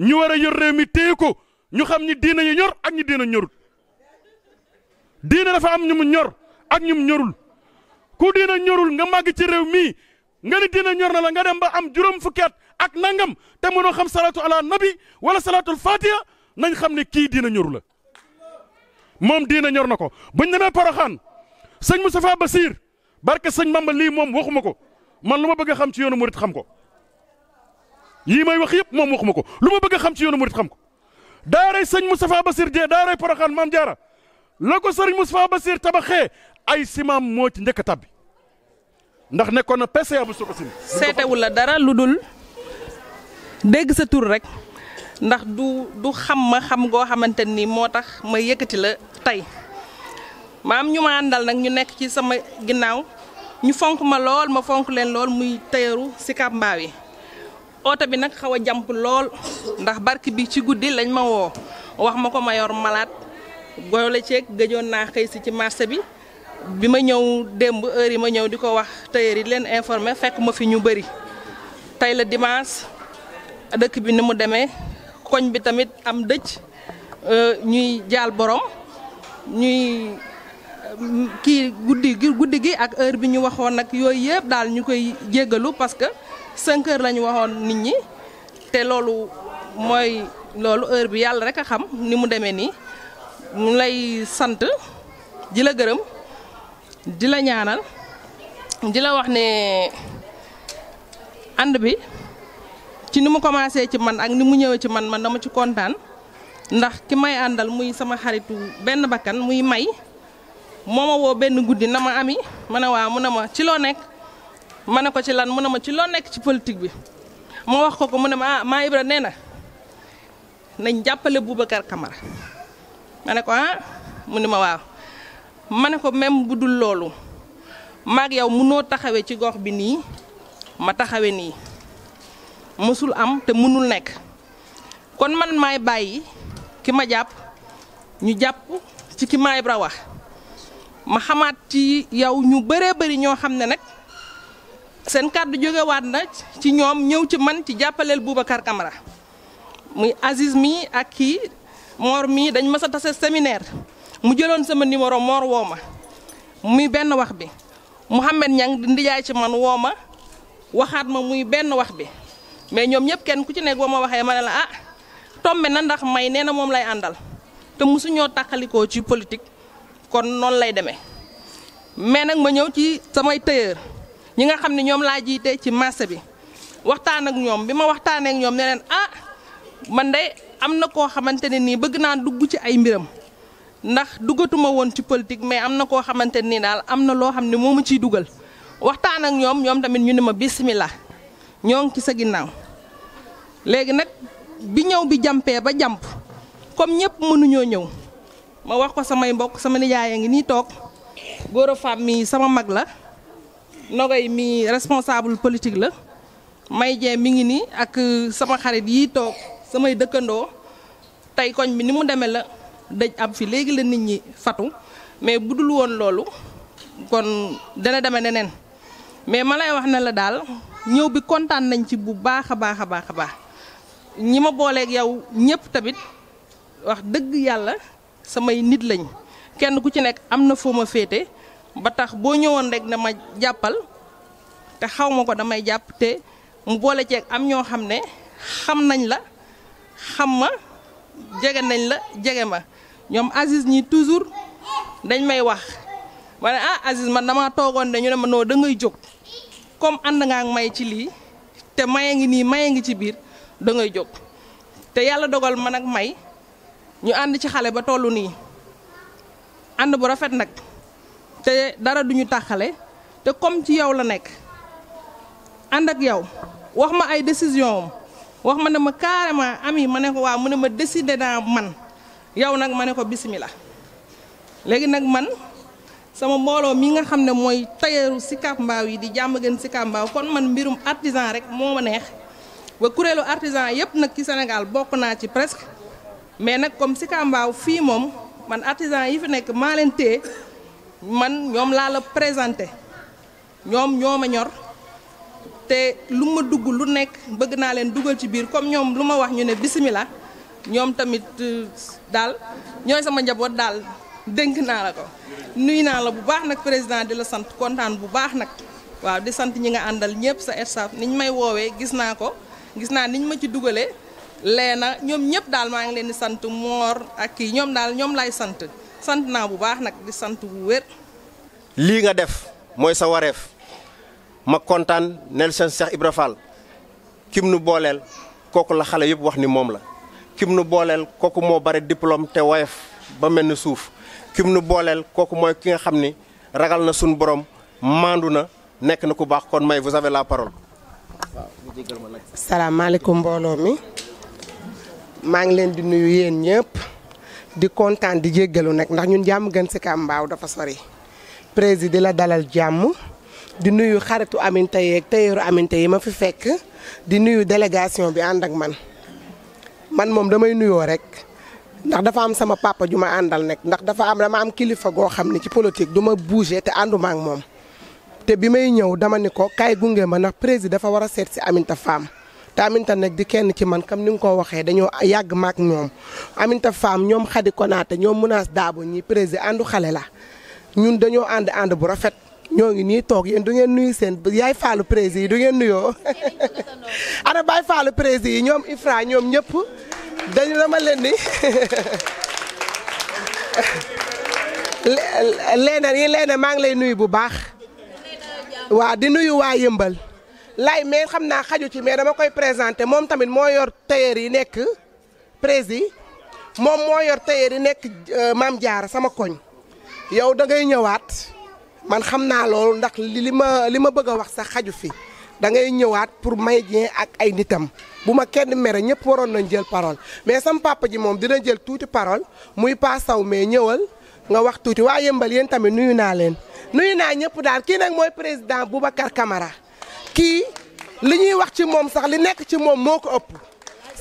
ñu war a yor réew mi téye ko ñu xam ñi diina ñu ñor ak ñi diina ñorul diina dafa am ñu ñor ak ñu ñorul ku diina ñorul nga màgg ci réew mii nga ni diina ñor na la nga dem ba am juróom fukki at ak nangam te mënoo xam salaatu ala nabi wala salaatul fatiha nañ xam ni kii diina ñoru la moom diina ñor na ko buñ demee Poroxaan sëñ mu Moustapha Basir barke sëñ Mamba lii moom waxuma ko man lu ma bëgg xam ci yoonu murit xam ko yii may wax yëpp moom waxuma ko lu ma bëgg xam ci yoonu murit xam ko daaray sëñ Moustapha Bassir Dieng daaray Porokhane Maam Jaara la ko sëriñ Moustapha Bassir tabaxee ay simaam moo ci njëkk a tabbi ndax nekkoon na PCA bu Sococim. seetewul la dara lu dul dégg sa tur rek ndax du du xam ma xam goo xamante ni moo tax ma yëkkati la tey maam ñu ma àndal nag ñu nekk ci sama ginnaaw ñu fonk ma lool ma fonk leen lool muy tëyaru si kàmbaaw yi. oto bi nag xaw a jàmp lool ndax barke bi ci guddi lañ ma woo wax ma ko mayor malaat la ceeg gëjoon naa xëy ci marché bi bi ma ñëw démb heure yi ma ñëw di ko wax tailleur yi leen informé fekk ma fi ñu bëri tey la dimanche dëkk bi ni mu demee koñ bi tamit am dëj euh, ñuy jaal borom ñuy kii guddi gi guddi gi ak heure bi ñu waxoon nag yooyu yëpp daal ñu koy jéggalu parce que 5 heures lañu waxon nit ñi té lolu moy lolu heure bi yalla rek xam ni mu démé ni mu lay sante di la gërëm di la ñaanal di la wax ne and bi ci ni mu commencé ci man ak ni mu ñëwee ci man man dama ci contane ndax ki may andal muy sama xaritu benn bakkan muy may moma wo ben benn guddi nama ami mana wa mu nama ci lo nek ma ne ko ci lan mu ne ma ci loo nekk ci politique bi ma wax ko ko mu ne ma ah maa Ibra nee na nañ jàppale Boubacar Camara ma ne ko ah mu ne ma waaw ma ne ko même bu dul loolu maag yow mënoo taxawee ci gox bi nii ma taxawee nii mësul am te mënul nekk kon man maay bàyyi ki ma jàpp ñu jàpp ci ki maa Ibra wax ma xamaat ci yow ñu bëree bëri ñoo xam ne nag. seen kàddu jógewaat na ci ñoom ñëw ci man ci jàppaleel Boubacar Camara muy Aziz mi ak kii Mor mii dañ mas a tase séminaire mu jëloon sama numéro Mor woo ma muy benn wax bi Mouhamed Niang di ndijaay ci man woo ma waxaat ma muy benn wax bi mais ñoom ñëpp kenn ku ci nekk boo ma waxee ma ne la ah tombe na ndax may nee na moom lay àndal te mosuñoo tàqalikoo ci politique kon noonu lay demee mais nag ma ñëw ci samay tëyër ñi nga xam ne ñoom laa jiite ci marché bi waxtaan ak ñoom bi ma waxtaanee ñoom ne leen ah man de am na koo xamante ne nii bëgg naa dugg ci ay mbiram ndax duggatuma woon ci politique mais am na koo xamante nii daal am na loo xam ne moo ma ciy dugal waxtaan ak ñoom ñoom tamit ñu ne ma bismillah ñoo ngi ci sa ginnaaw léegi nag bi ñëw bi jàmpee ba jàmp comme ñëpp mënuñoo ñëw ma wax ko samay mbokk sama nijaay a ngi nii toog góor a mi sama mag la Nogaye mi responsable politique la May Dieng mi ngi nii ak sama xarit yi toog samay dëkkandoo tey koñ bi ni mu demee la dëj am fi léegi la nit ñi fatu mais bu dul woon loolu kon dana deme neneen mais ma lay wax na la daal ñëw bi kontaan nañ ci bu baax a baax a baax a baax ñi ma booleeg yow ñëpp tamit wax dëgg yàlla samay nit lañ kenn ku ci nekk am na foo ma féete. ba tax boo ñëwoon rek dama jàppal te xaw ma ko damay jàpp te mu boole ceeg am ñoo xam ne xam nañ la xam ma jege nañ la jege ma ñoom Aziz ñi toujours dañ may wax ma ne ah ma man damaa toogoon de ñu ne ma noo da ngay jóg comme ànd ngaa may ci lii te maye ngi nii maye ngi ci biir dangay jóg te yàlla dogal man ak may ñu ànd ci xale ba tollu nii ànd bu rafet nag. te dara duñu taxale te comme ci yow la nekk ànd ak yow wax ma ay décision wax ma ne ma carrément ami ma ne ko waaw mu ne ma décidé naa man yow nag ma ne ko bisimilah léegi nag man sama mbooloo mi nga xam ne mooy tayeeru Sicap mbaaw yi di jàmm gën Sicap Mbao kon man mbirum artisan rek moo ma neex ba kuréelu artisan yépp nag ci Sénégal bokk naa ci presque mais nag comme Sicap Mbao fii moom man artisan yi fi nekk maa leen téye man ñoom laa la présenté ñoom ñoo ma ñor te lu ma dugg lu nekk bëgg naa leen dugal ci biir comme ñoom lu ma wax ñu ne bisimilah ñoom tamit euh, daal ñooy sama njaboot daal dénk naa la ko. nuyu naa la bu baax nag président di la sant kontaan bu baax nag waaw di sant ñi nga àndal ñëpp sa staff niñ may woowee gis naa ko gis naa niñ ma ci dugalee leena ñoom ñëpp daal maa ngi leen di sant moor ak kii ñoom daal ñoom lay sant. sant bu baax nag di sant lii nga def mooy sa wareef ma kontaan Nelson Cheikh Ibra Fall kim nu booleel kooku la xale yépp wax ni moom la kim nu booleel kooku moo bare diplôme te woyof ba mel ni suuf kim nu booleel kooku mooy ki nga xam ni ragal na suñu borom maandu na nekk na ku baax kon may vous avez la parole. mbooloo mi ngi leen di nuyu yéen ñëpp. di kontaan di jéggalu nag ndax ñun jàmm gën si kam mbaaw dafa sori président di la dalal jàmm di nuyu xaritu aminte yeeg téyeeru aminte yi ma fi fekk di nuyu délégation bi ànd ak man man moom damay nuyoo rek ndax dafa am sama papa ju ma àndal nekk ndax dafa am dama am kilifa goo xam ne ci politique du ma bougé te ànduma ak moom te bi may ñëw dama ni ko kaay gunge ma ndax président dafa war a seet si aminta femme te Aminta nag di kenn ci man comme ni nga ko waxee dañoo yàgg maak ñoom Aminta Fam ñoom Khady Konaté ñoom Mounas Dabo ñi président àndu xale la ñun dañoo ànd ànd bu rafet ñoo ngi nii toog yéen du ngeen nuyu seen yaay faalu prési yi du ngeen nuyoo ana baay faalu prési yi ñoom Ifra ñoom ñëpp dañu dama leen ni leena yi leena maa ngi lay nuyu bu baax waa di nuyu waa yëmbal lay mais xam naa xaju ci mais dama koy présenté moom tamit moo yor tailleur yi nekk prési moom moo yor tailleur yi nekk euh, maam jaara sama koñ yow da ngay ñëwaat man xam naa loolu ndax li ma li ma bëgg a wax sax xaju fi dangay ñëwaat pour Mbaye Dieng ak ay nitam bu ma kenn mere ñëpp waroon nañ jël parole mais sama papa ji moom dina jël tuuti parole muy Pa Sow mais ñëwal nga wax tuuti waa yëmbal yéen tamit nuyu naa leen nuyu naa ñëpp daal kii nag mooy président Boubacar Camara kii li ñuy wax ci moom sax li nekk ci moom moo ko ëpp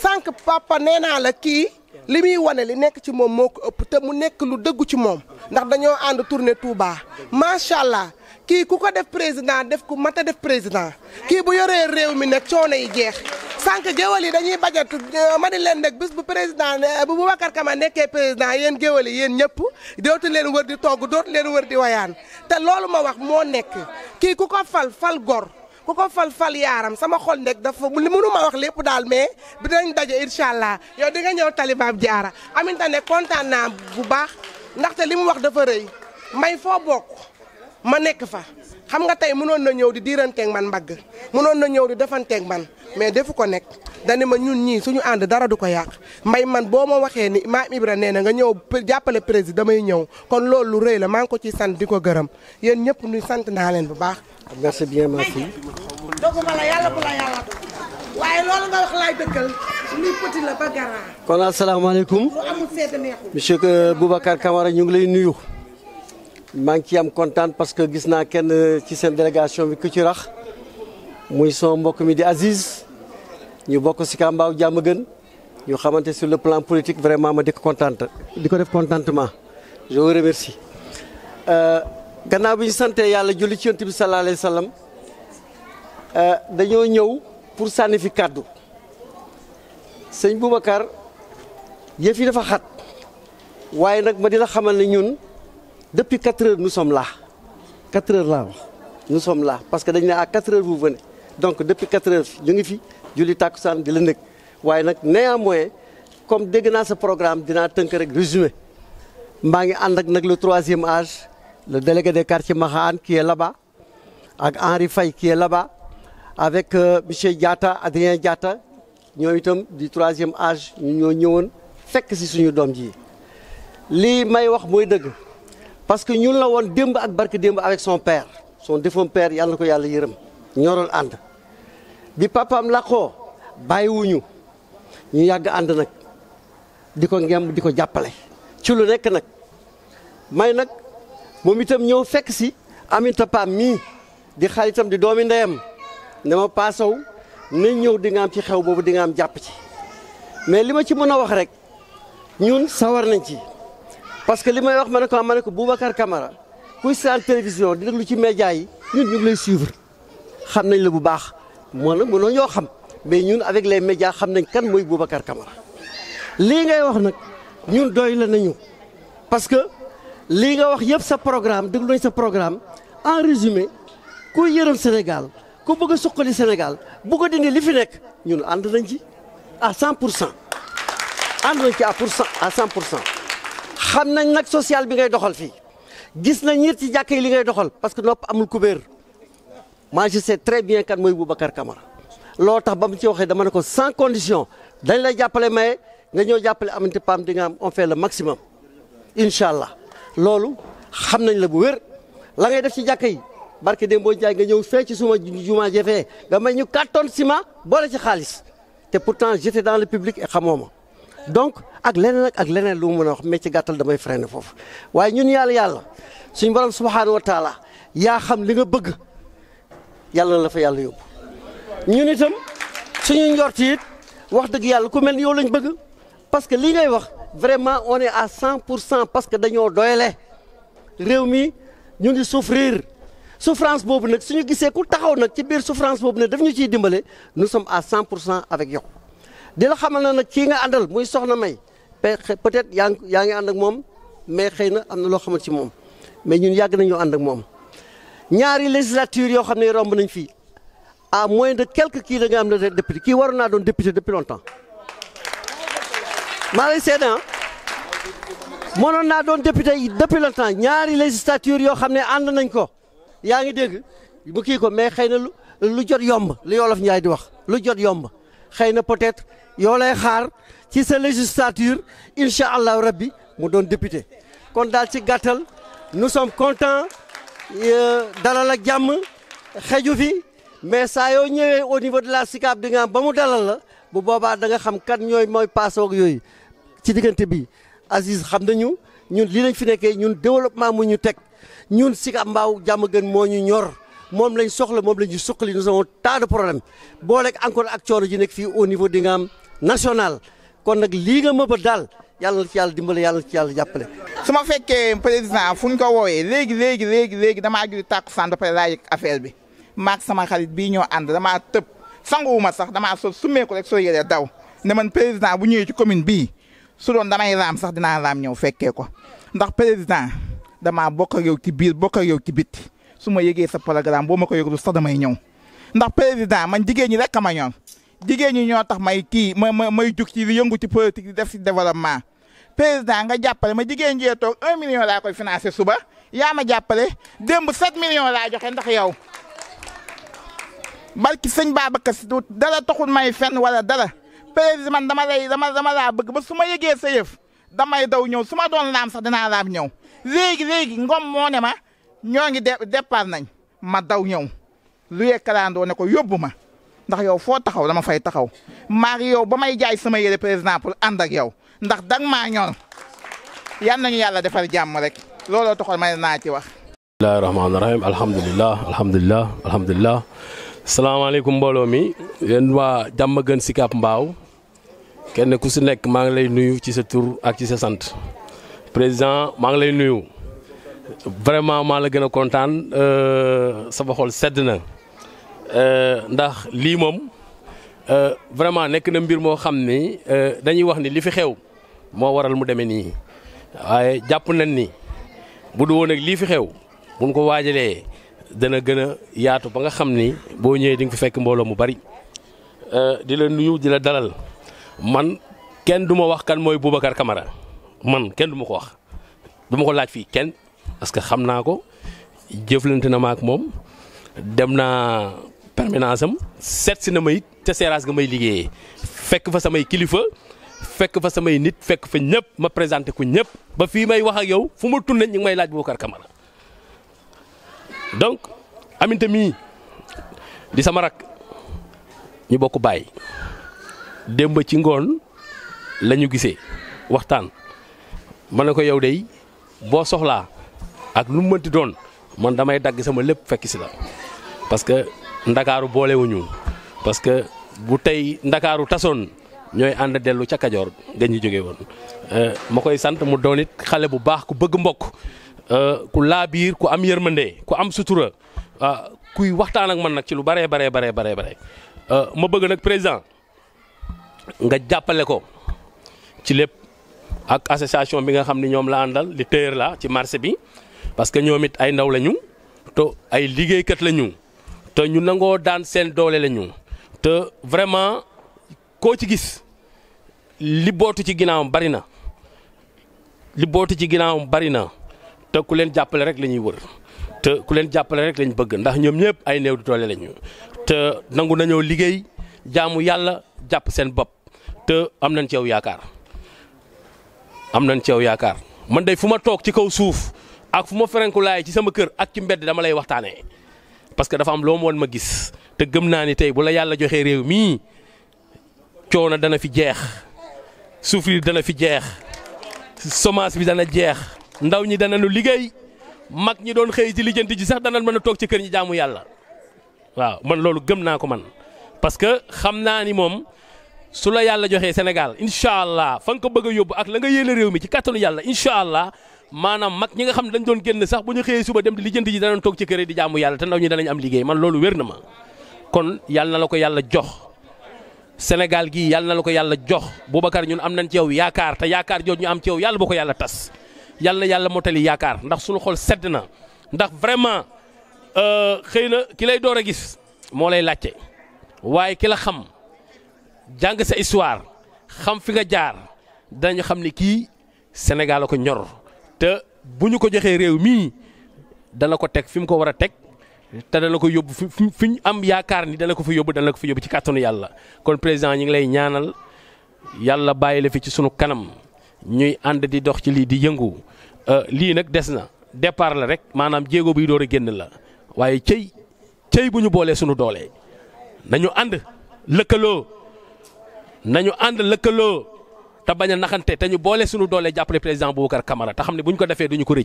sànq papa nee naa la kii li muy wane li nekk ci moom moo ko ëpp te mu nekk lu dëggu ci moom ndax dañoo ànd tournée Touba macha allah kii ku ko def président def ku mat a def président kii bu yoree réew mi nag coono yi jeex sànq géwal yi dañuy bajat euh, ma di leen nag bis bu président bu ka ma nekkee président yéen géwal yi yéen ñëpp dootu leen wër di togg dootu leen wër di wayaan te loolu ma wax moo nekk kii ku fal fal gor ku ko fal fal yaaram sama xol ndek dafa mënu ma wax lépp daal mais dinañ daje incha allah yow di nga ñëw talibaab jaara aminta ne kontaan naa bu baax ndaxte li mu wax dafa rëy mbay foo bokk ma nekk fa xam nga tey mënoon na ñëw di diiranteeg man mbagg mënoon na ñëw di defanteeg man mais defu ko nekk dani ma ñun ñii suñu ànd dara du ko yàq mbay man boo ma waxee ni maa Ibra nee na nga ñëw jàppale président damay ñëw kon loolu lu rëy la maa ngi ko ciy sant di ko gërëm yéen ñëpp ñu sant naa leen bu baax merci bien ma fille. doguma la yàlla bu la kon asalaamaaleykum. lu amul seet neexul. ñu ngi lay nuyu. maa ngi ciy am kontaan parce que gis naa kenn ci seen délégation bi ku ci rax muy son mbokk mi di Aziz ñu bokk si Kambaaw jàmm gën ñu xamante sur le plan politique vraiment ma di ko di ko def contentement je vous remercie. Euh, gannaaw bi santé yalla ci sallallahu alayhi wasallam euh, pour dafa xat ma xamal depuis 4 heures nous sommes là 4 heures là. nous sommes là parce que à 4 heures vous venez donc depuis 4 heures ñu ngi fi julli vous dila nek comme dégg programme je rek résumé le troisième âge le délégué des quartiers Mahan qui est là-bas, avec Henri Fay qui est là-bas, avec euh, M. Diata, Adrien Diata, nous sommes du troisième âge, nous sommes fekk ci suñu doom ji li may wax moy deug parce que ñun la won demb ak barke demb avec son père son défunt père yalla ko yalla yeureum ñorol and bi papam la ko bayiwuñu ñu yag and nak diko ngem diko jappalé ci lu nek nak may nak moom itam ñëw fekk si Aminata Pam mii di xaritam di doomi ndeyam ne ma paasaw nañ ñëw di nga am ci xew boobu di nga am jàpp ci mais li ma ci mën a wax rek ñun sawar nañ ci parce que li may wax ma ne ko ma ne ko Boubacar Camara kuy seetaan télévision di déglu ci média yi ñun ñu lay suivre xam nañ la bu baax moo nag mënoo ñoo xam mais ñun avec les médias xam nañ kan mooy Boubacar Camara lii ngay wax nag ñun doy la nañu li nga wax yëpp sa programme déglu nañ sa programme en résumé ku yërëm Sénégal ku bëgg a suqali Sénégal bu ko dindi li fi nekk ñun ànd nañ ci à 100 pour cent ànd nañ ci à pour cent à 100 pour cent xam nañ nag social bi ngay doxal fii gis nañ ñit ci jàkka yi li ngay doxal parce que nopp amul kubéer moi je sais très bien kan mooy Boubacar Camara loo tax ba mu ci waxee dama ne ko sans condition dañ lay jàppale maye nga ñëw jàppale amante pam di nga am on fait le maximum incha allah lolu xam nañ la bu wër la ngay def ci jakkay yi dem bo jay nga ñew fee ci suma juma jefee nga may ñu carton tonnes ciment boole ci xaliss té pourtant j'étais dans le public et xamoma donc ak lénen ak ak lénen lu mu mën wax mé ci gattal damay freiné fofu waye ñun yalla yalla suñu borom subhanahu wa taala ya xam li nga bëgg yalla la fa yalla yobbu ñun itam suñu njort it wax deug yalla ku melni yow lañ bëgg parce que li ngay wax vraiment on est à 100% parce que nous sommes souffrir souffrance suñu souffrance nous sommes à 100% avec vous. di xamal na nga peut-être que y and mais xeyna amna lo xamal ci mais ñun ak législature yo à moins de quelques kilogrammes de qui député depuis longtemps maa lay seede ah mënoon naa député yi depuis longtemps ñaari législature yoo xam ne ànd nañ ko yaa ngi dégg bu kii ko mais xëy lu jot yomb li Wolof Njaay di wax lu jot yomb xëy na peut-être yow lay xaar ci sa législature incha allahu mu doon député kon daal ci gàttal nous sommes contents euh, dalal ak jàmm fi mais saa yoo ñëwee au niveau de la SICAP di nga am ba mu dalal la bu boobaa da nga xam kan ñooy mooy paasoog yooyu ci diggante bi Aziz xam nañu ñun lii lañ fi nekkee ñun développement mu ñu teg ñun Sicap mbaaw jàmm gën moo ñu ñor moom lañ soxla moom lañ ñu suqali nous avons tas de problème booleeg encore ak coono ji nekk fii au niveau di nga national kon nag lii nga mëbët daal yàlla na ci yàlla dimbale yàlla ci yàlla jàppale. su ma fekkee président fu ñu ko wooyee léegi léegi léegi léegi damaa juli tàkku saan ba pare laa yëg affaire bi maak sama xarit bii ñoo ànd damaa tëb sanguwuma sax damaa so summeeku rek soo yëlee daw ne man président bu ñëwee ci commune bii. su doon damay raam sax dinaa raam ñëw fekkee ko ndax président damaa bokk ak yow ci biir bokk ak yow ci bit su ma yëgee sa programme boo ma ko yëgul sax damay ñëw ndax président man jigéen ñi rek a ma ñoon jigéen ñi ñoo tax may kii ma ma may jug ci yëngu ci politique di def si développement président nga jàppale ma jigéen jee toog un million laa koy financé suba yaa ma jàppale démb sept millions laa joxe ndax yow barki sëñ Babacar Si du dala taxul may fenn wala dala man dama lay dama dama laa bëgg ba su ma yëgee sa yëf damay daw ñëw su ma doon laam sax dinaa laam ñëw léegi léegi ngom moo ne ma ñoo ngi départ nañ ma daw ñëw lu yekkalaandoo ne ko yóbbu ma ndax yow foo taxaw dama fay taxaw maag yow ba may jaay sama yére président pour ànd ak yow ndax dang maa ñor yal nañu yàlla defar jàmm rek looloo taxoon may naa ci wax. bismillahi rahmaani rahim alhamdulilah alhamdulilah alhamdulilah salaamaaleykum mbooloo mi yéen waa jàmm gën si Mbaaw kenn ku si nekk maa ngi lay nuyu ci sa tur ak ci sa sant président maa ngi lay nuyu vraiment maa la gën a kontaan euh, sama xol sedd na euh, ndax lii moom euh, vraiment nekk na mbir moo xam ni dañuy wax ni li fi xew moo waral mu demee nii waaye jàpp nañ ni bu du woon ak lii fi xew buñ ko waajalee dana gën a yaatu ba nga xam ni boo ñëwee di nga fi fekk mbooloo mu bari di la nuyu di la dalal. man kenn du ma wax kan mooy Boubacar kamara man kenn du ma ko wax du ma ko laaj fii kenn parce que xam naa ko jëflante na ma ak moom dem naa permanence am seet si na ma it te seeraas ga may liggéeyee fekk fa samay kilifa fekk fa samay nit fekk fa ñëpp ma présenté ko ñëpp ba fii may wax ak yow fu ma tourné ñu ngi may laaj Boubacar Camara donc amintami di sama rak ñu bokk bàyyi. démb ci ngoon la ñu gisee waxtaan ma ne ko yow dey boo soxlaa ak lu mu mënti doon man damay dagg sama lépp fekk si la parce que ndakaaru boolewuñu parce que bu tey ndakaaru tasoon ñooy ànd dellu ca Kajoor nga ñu jóge woon euh, ma koy sant mu doon xale bu baax ku bëgg mbokk euh, ku laa biir ku am yërmande ku am sutura euh, kuy waxtaan ak man nag ci lu baree baree baree baree bare ma bëgg nag président nga jàppale ko ci lépp ak association bi nga xam ni ñoom la àndal li téer la ci marché bi parce que ñoom it ay ndaw lañu te ay liggéeykat lañu te ñu nangoo daan seen doole lañu te vraiment koo ci gis li bootu ci ginnaawam bari na li bootu ci ginnaawam bari na te ku leen jàppale rek lañuy ñuy wër te ku leen jàppale rek lañ bëgg ndax ñoom ñëpp ay néew di doole lañu te nangu nañoo liggéey jaamu yàlla jàpp seen bopp. te am nañ ci yaakaar am nañ ci yaakaar man de fu ma toog ci kaw suuf ak fu ma ferenku ci sama kër ak ci mbedd dama lay waxtaanee parce que dafa am loo ma ma gis te gëm naa ni tey bu la yàlla joxee réew mii coono dana fi jeex souffrir dana fi jeex semence bi dana jeex ndaw ñi dana nu liggéey mag ñi doon xëy ci lijjanti ji sax dana mën a toog ci kër ñi jaamu yàlla waaw man loolu gëm naa ko man parce xam naa ni moom. su la yàlla joxee Sénégal incha allah fan nga ko bëgg a yóbbu ak la nga yéene réew mi ci kàttanu yàlla incha allah maanaam mag ñi nga xam dañ doon génn sax bu ñu xëyee suba dem di lijjanti ji danañ toog ci kër di jaamu yàlla te ndaw ñi danañ am liggéey man loolu wér na ma kon yàlla na la ko yàlla jox Sénégal gii yàlla na la ko yàlla jox Boubacar ñun am nañ ci yaakaar te yaakaar jooju ñu am ci yow yàlla boo ko yàlla tas yàlla na yàlla yaakaar ndax suñu xol sedd na ndax vraiment euh, xëy na ki lay door a gis moo lay laajte waaye la xam jàng sa histoire xam fi nga jaar danañu xam ni kii Sénégal ko ñor te bu ñu ko joxee réew mii dana ko teg fi mu ko war a teg te dana ko yóbbu fi fi ñu am yaakaar ni dana ko fa yóbbu dana ko fa yóbbu ci kàttanu yàlla kon président ñu ngi lay ñaanal yàlla bàyyi la fi ci sunu kanam ñuy ànd di dox ci lii di yëngu euh, lii nag des na départ la rek maanaam jéego biy door a génn la waaye cëy cëy bu ñu boolee sunu doole nañu ànd lëkkaloo. nañu and lëkkaloo ta bañ a naxante te ñu suñu président Boubacar Camara te ko défé duñu ko ko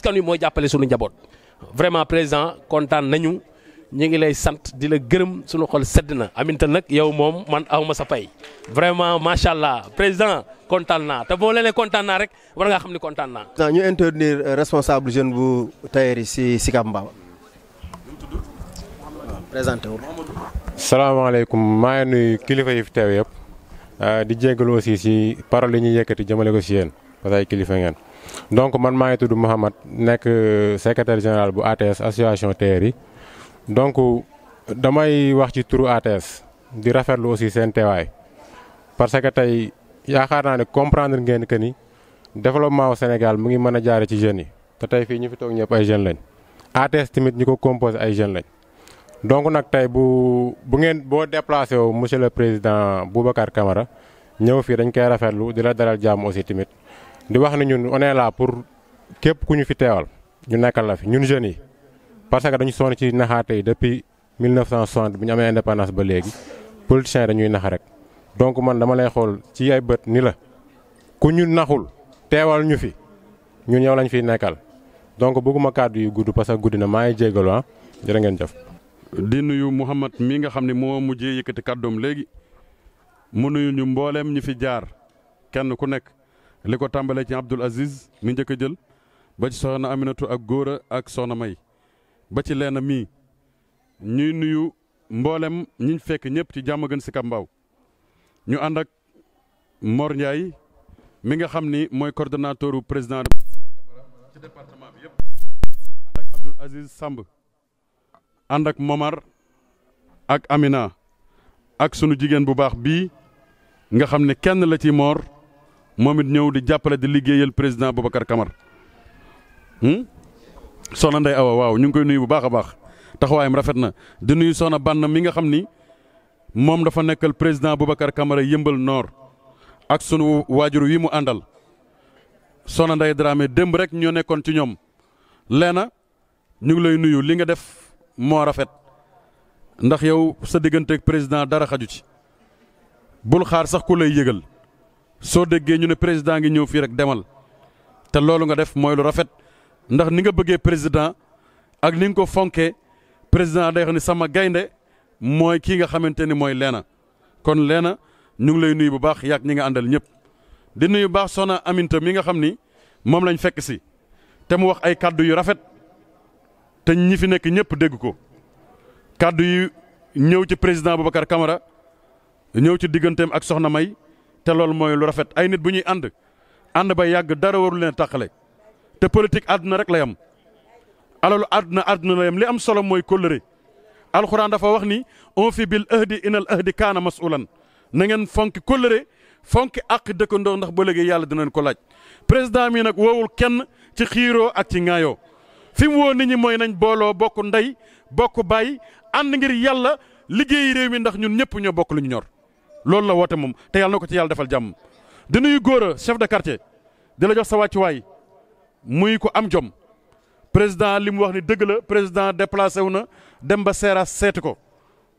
suñu suñu vraiment président kontaan nañu nous ngi lay sante nous suñu xol aminta yow man sa fay vraiment machallah, président kontaan naa te boo rek war nga ñu intervenir responsable jeune bu si présenté wu. salaamaaleykum maa ngi nuyu kilifa yi fi teew yëpp ah, di jégalu aussi si parole yi ñuy yëkkati jëmale ko si yéen parce que kilifa ngeen. donc man maa ngi tudd Mouhamad nekk secrétaire général bu ATS association TER yi donc damay wax ci turu ATS di rafetlu aussi seen teewaay parce que tey yaakaar naa ne comprendre ngeen que ni développement au Sénégal mu ngi mën a jaare ci jeunes yi te tey fii ñu fi toog ñëpp ay jeunes lañ ATS tamit ñi ko composé ay jeunes lañ donc nak tay bu bu ngeen bo déplacer wu monsieur le président Boubacar Camara ñew fi dañ koy rafetlu di la dalal jàmm aussi timit di wax ni ñun on est là pour képp ku ñu fi teewal ñu nekkal la fi ñun jeunes yi parce que dañu sonn ci naxaate yi depuis 1960 bu ñu amee indépendance ba léegi politiciens dañuy nax rek donc man dama lay xool ci ay bët ni la ku ñu naxul teewal ñu fi ñun yow lañ fi nekkal donc bëgguma kàddu yu gudd parce que gudd na maa ngi jégalu ah jëf di nuyu Mouhamad mii nga xam ni moo mujjee yëkkati kàddoom léegi mu nuyu ñu mbooleem ñi fi jaar kenn ku nekk li ko tàmbalee ci Abdoul Aziz mi njëkk a jël ba ci soxna Aminatu ak Góora ak soxna May ba ci Leena mii ñuy nuyu mboolem ñiñ fekk ñëpp ci jàmm gën si ñu ànd ak Mor mi nga xam ni mooy coordonnateur président ci département bi yëpp ànd ànd ak Momar ak Amina ak sunu jigéen bu baax bii nga xam ne kenn la ci moor moom it ñëw di jàppale di liggéeyal président Boubacar Camara hmm? soxna Ndeye Awa waaw ñu ngi koy nuyu bu baax a baax taxawaayam rafet na di nuyu soxna Bann mi nga xam ni moom dafa nekkal président Boubacar Camara yëmbal noor ak sunu waajur wi mu àndal soo na Ndeye daraame démb rek ñoo nekkoon ci ñoom leena ñu ngi lay nuyu li nga def. moo rafet ndax yow sa digganteeg président dara xaju ci bul xaar sax ku lay yëgal soo déggee ñu ne président ngi ñëw fii rek demal te loolu nga def mooy lu rafet ndax ni nga bëggee président ak ni nga ko fonkee président day xam ne sama gaynde mooy kii nga xamante ni mooy leena kon leena ñu ngi lay nuyu bu baax yaak ñi nga àndal ñëpp di nuy bu baax soxna Aminta mi nga xam ni moom lañu fekk si te mu wax ay kàddu yu rafet. te ñi fi nekk ñëpp dégg ko kàddu yi ñëw ci président Boubacar Camara ñëw ci digganteem ak soxna May te loolu mooy lu rafet ay nit bu ñuy ànd ànd ba yàgg dara waru leen tàqale te politique àdduna rek la yam alalu àdduna àdduna la yam li am solo mooy kóllëre alxuraan dafa wax ni on fi bil ahdi inal ahdi kaana masulan na ngeen fonki kóllëre fonki àq dëkkandoo ndax ba léegi yàlla dinañ ko laaj président mii nag woowul kenn ci xiiroo ak ci ŋaayoo fi mu woo nit ñi mooy nañ booloo bokk ndey bokk baay ànd ngir yàlla liggéeyi réew mi ndax ñun ñëpp ñoo bokk lu ñu ñor loolu la woote moom te yàlla na ko ci yàlla defal jàmm. di nuyu góor a chef de quartier di la jox sa wàccuwaay muy ko am jom président li mu wax ni dëgg la président déplacé wu na dem ba Seras seeti ko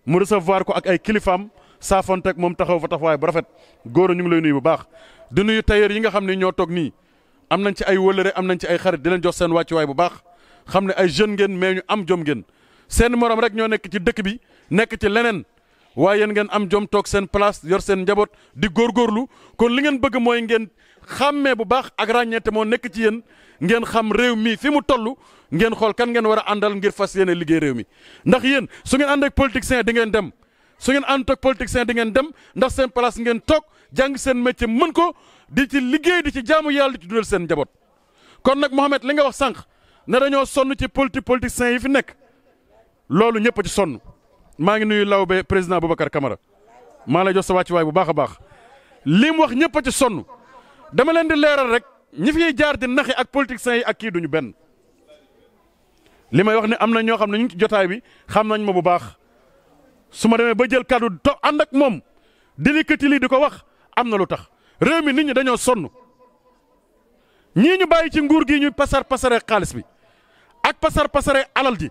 mu recevoir ko ak ay kilifaam saafonte ak moom taxaw fa taxawaay bu rafet góor ñu ngi lay nuyu bu baax. di nuyu tailleur yi nga xam ne ñoo toog nii am nañ ci ay wëllëre am nañ ci ay xarit di jox seen wàccuwaay bu baax. xamne ay jeune ngeen meñu am jom ngeen sen morom rek ñoo nek ci dekk bi nek ci lenen ngeen am jom tok sen place yor sen njabot di gorlu kon li ngeen bëgg moy ngeen xamé bu baax ak ràññeete mo nek ci yeen ngeen xam rew mi fi mu tollu ngeen xol kan ngeen wara andal ngir fas yéene liggéey rew mi ndax yeen su ngeen ak di ngeen dem su ngeen politik ak dengan di ngeen dem ndax sen place ngeen tok jang sen métier mën ko di ci liggéey di ci jaamu yalla di ci dundal sen kon nak mohammed li nga wax sank ne dañoo sonn ci politi politiciens yi fi nekk loolu ñëpp ci sonn maa ngi nuyu lawbe président Boubacar Camara maa lay jox sa wàccuwaay bu baax a baax li mu wax ñëpp ci sonn dama leen di leeral rek ñi fiy jaar di naxi ak politiciens yi ak kii duñu benn li may wax ne am na ñoo xam ne ñu ci jotaay bi xam nañ ma bu baax su ma demee ba jël kàddu to ànd ak moom di likkati lii di ko wax am na lu tax réew mi nit ñi dañoo sonn ñii ñu bàyyi ci nguur gi ñu pasar xaalis bi. ak pasar pasare alal ji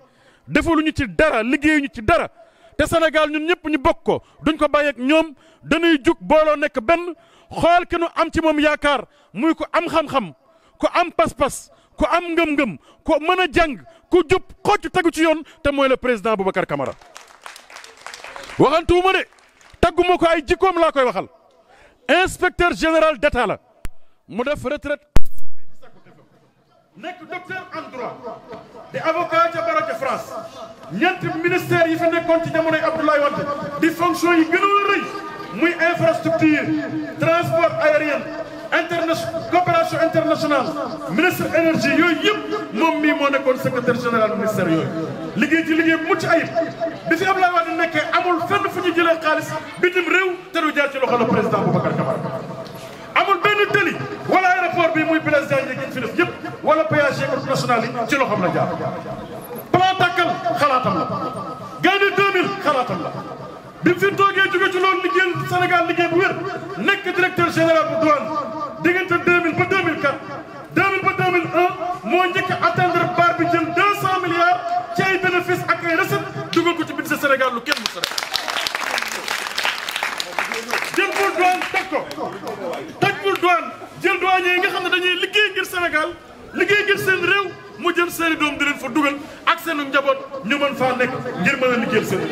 defaluñu ci dara liggéeyuñu ci dara te Sénégal ñun ñëpp ñu bokk ko duñ ko bàyyeeg ñoom dañuy jug booloo nekk benn xool ki nu am ci moom yaakaar muy ko am xam-xam ku am pas-pas ku am ngëm-ngëm ku mën a jàng ku jub xocc tegu ci yoon te mooy le président Boubacar Camara waxantuwuma de tagguma ko ay jikkoom laa koy waxal inspecteur général d'état la mu def retraite nekk docteur en droit di avocat ca baro France ñetti ministère yi fi nekkoon ci jamonoy Abdoulaye Wade di fonction yi gënoon a rëy muy infrastructure transport aérien interna coopération internationale ministre énergie yooyu yëpp moom mii moo nekkoon secrétaire général ministère yooyu. liggéey ci liggéey bu mucc ayib bi fi Abdoulaye Wade nekkee amul fenn fu ñu xaalis bitim réew te du jaar ci président Boubacar Camara amul benn tëli bi muy président yi wala péage route nationale yi ci loxoom la jaar plan tàkkal xalaatam la gaynde 2000 xalaatam la bi mu fi toogee jóge ci loolu liggéeyal Sénégal liggéey bu wér nekk directeur général bu douane diggante 2000 ba 2004 2000 ba 2001 moo njëkk a atteindre bar bi jël 200 milliards ci ay bénéfices ak ay recettes dugal ko ci budget Sénégal lu kenn mu sore jël pour douane teg ko teg pour douane jël douane yi nga xam ne dañuy liggéey ngir Sénégal liggéey ngir seen réew jël seeni doom di leen dugal ak seen njaboot ñu mën faa nekk ngir mën a liggéeyal seen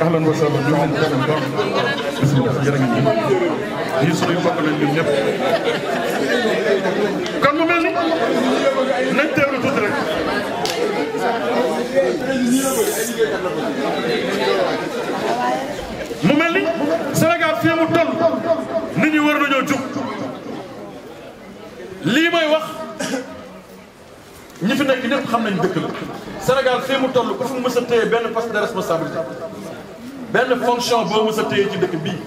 ahlan wa sahlan ñu ngi leen baax bismillah jërë ngeen ñi suñu bokk nañ ñun ñëpp kon mu mel mu mel ni Sénégal fii mu toll nit ñi war nañoo jug lii may wax ñi fi nekk ñëpp xam nañ dëkk la Sénégal fii mu toll ku fi mës a téye benn poste de responsabilité benn fonction boo mës a téye ci dëkk bii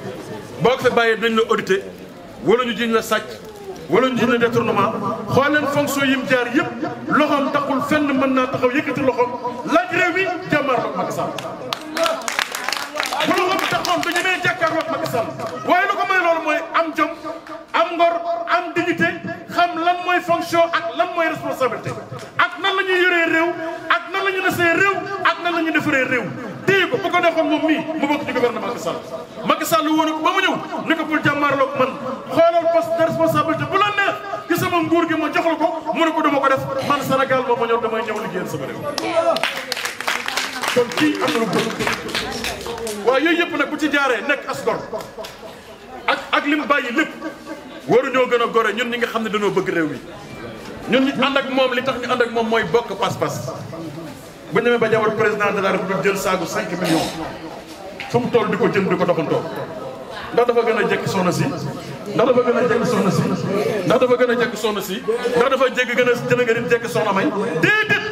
boo ko fi bàyyee dinañ la audité wala ñu jiñ la sàcc wala ñu jiñ la détournement xool leen fonction yim jaar yëpp loxoom taxul fenn mën naa taxaw yëkkati loxoom laaj réew mi jàmmaar ak Macky Sall ñoom du ñu may jàkkaarloog Macky Sall waaye lu ko may loolu mooy am jom am ngor am dignité xam lan mooy fonction ak lan mooy responsabilité ak nan la ñuy yoree réew ak nan la ñu nasee réew ak nan la ñuy defaree réew téye ko bu ko def moom mii mu bokk ci gouvernement Macky Sall Macky Sall ba mu ñëw ni ko pour jàmmaarloog man xoolal poste de responsabilité bu la neex ci sama nguur gi ma jox la ko mu ne ko duma ko def man Sénégal moom ma ñor damay ñëw liggéeyal sama kon kii am na waaye yëpp nag bu ci jaaree nekk as gor ak ak lim bàyyi lépp waruñoo gën a gore ñun ñi nga xam ne dañoo bëgg réew mi ñun ñu ànd ak moom li tax ñu ànd ak moom mooy bokk pas-pas bu ñemee ba jawar président de la république jël saagu 5 millions fu mu toll di ko jënd di ko doxantoo ndax dafa gën a jekk soxna si ndax dafa gën a jekk soxna si ndax dafa gën a jekk soxna si jekk gën a jëna a jekk soxna may déedéet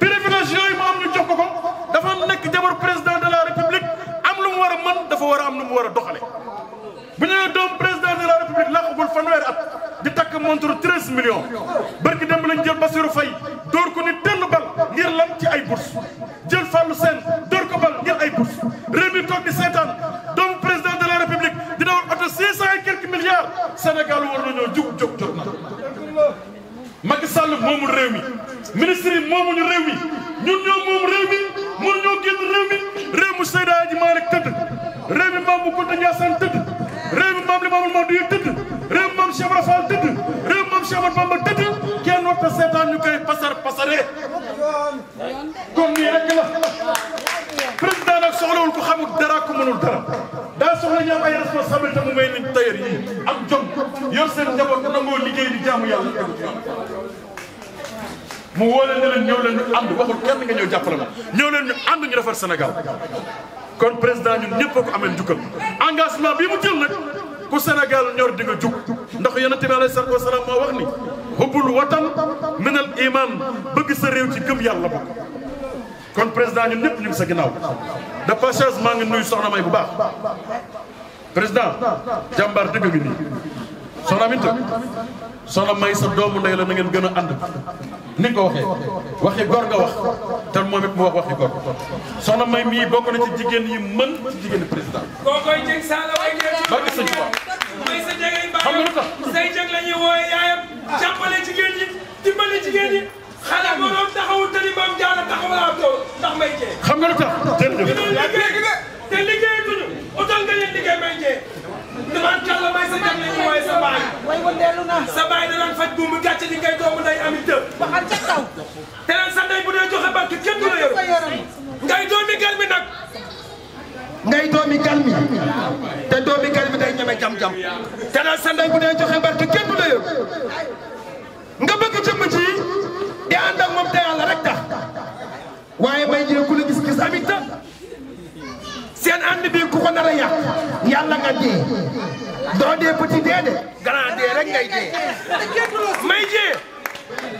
privilège yooyu mu am ñu jox ko ko dafa am nekk jabar président de la république am lu mu war a mën dafa war a am lu mu war a doxale bu ñu nee doom président de la république làqagul fanweeri at di takk montre treize millions barki dem lañ jël Bassirou Faye dóor ko ni tenn bal ngir lan ci ay bourse jël Fallou Sène dóor ko bal ngir ay bourse réew mi toog di seetaan doomu président de la république dina cent et quelques milliards Sénégal war nañoo jug jóg jot na Macky Sall moomul réew mi ministre yi moomuñu Mouhamed Niassane tëdd réew mi maam li maamul moo duyu tëdd réew mi maam Cheikh Ibra Fall tëdd réew mi maam Cheikh Ahmadou Bamba tëdd kenn waxta seetaan ñu koy pasar pasare kon nii rek la président nag soxlawul ko xamul dara ku mënul dara daa soxla ñu am ay responsabilité mu may nañ tailleur yi ak jom yor seen njaboot nangoo liggéey di jaamu yàlla tegu ci mu woo leen ne leen ñëw leen ñu ànd waxul kenn nga ñëw jàppale ma ñëw leen ñu ànd ñu defar Sénégal kon président ñun ñëpp a ko amee njukkal engagement bi mu jël nag ku Sénégal ñor di nga jug ndax yonent bi alayhi salaatu wasalaam moo wax ni hubbul watan minal iman bëgg réew ci gëm yàlla bokk kon président ñun ñëpp ñu ngi sa ginnaaw de passage maa ngi nuyu soxna may bu baax président jàmbaar dëgg ngi nii soxna Aminta soxna may sa doomu ndey la na ngeen gën a ànd ni nga ko waxee waxi gor nga wax te moom it mu wax waxi gor soxna may mii bokk na ci jigéen yi mën ci président koo koy jëg saala way barki sëñ may sa jegey baam say la ñuy wooye yaayam jàppale jigéen ñi dimbale jigéen ñi xale boo doon taxawul tali maam jaara taxawal ndax may jee xam nga lu tax jërëjëf te liggéey duñu utal nga leen liggéey may jee dama kàlla may sa jàng lañu wooye sa baay. way wëndeelu sa baay da daan faj buum di ngay doomu nday ami dëb. waxal ca kaw. te nag sa ndey bu dee joxe ngay doomi gal te doomi gal day ñeme jam-jam. te nag bu joxe barke kenn du nga bëgg di ànd ak te rek tax ku la gis-gis seen ànd bi ku ko nar a yàq yàlla nga dee doo dee petit dee de grand dee rek ngay dee may jee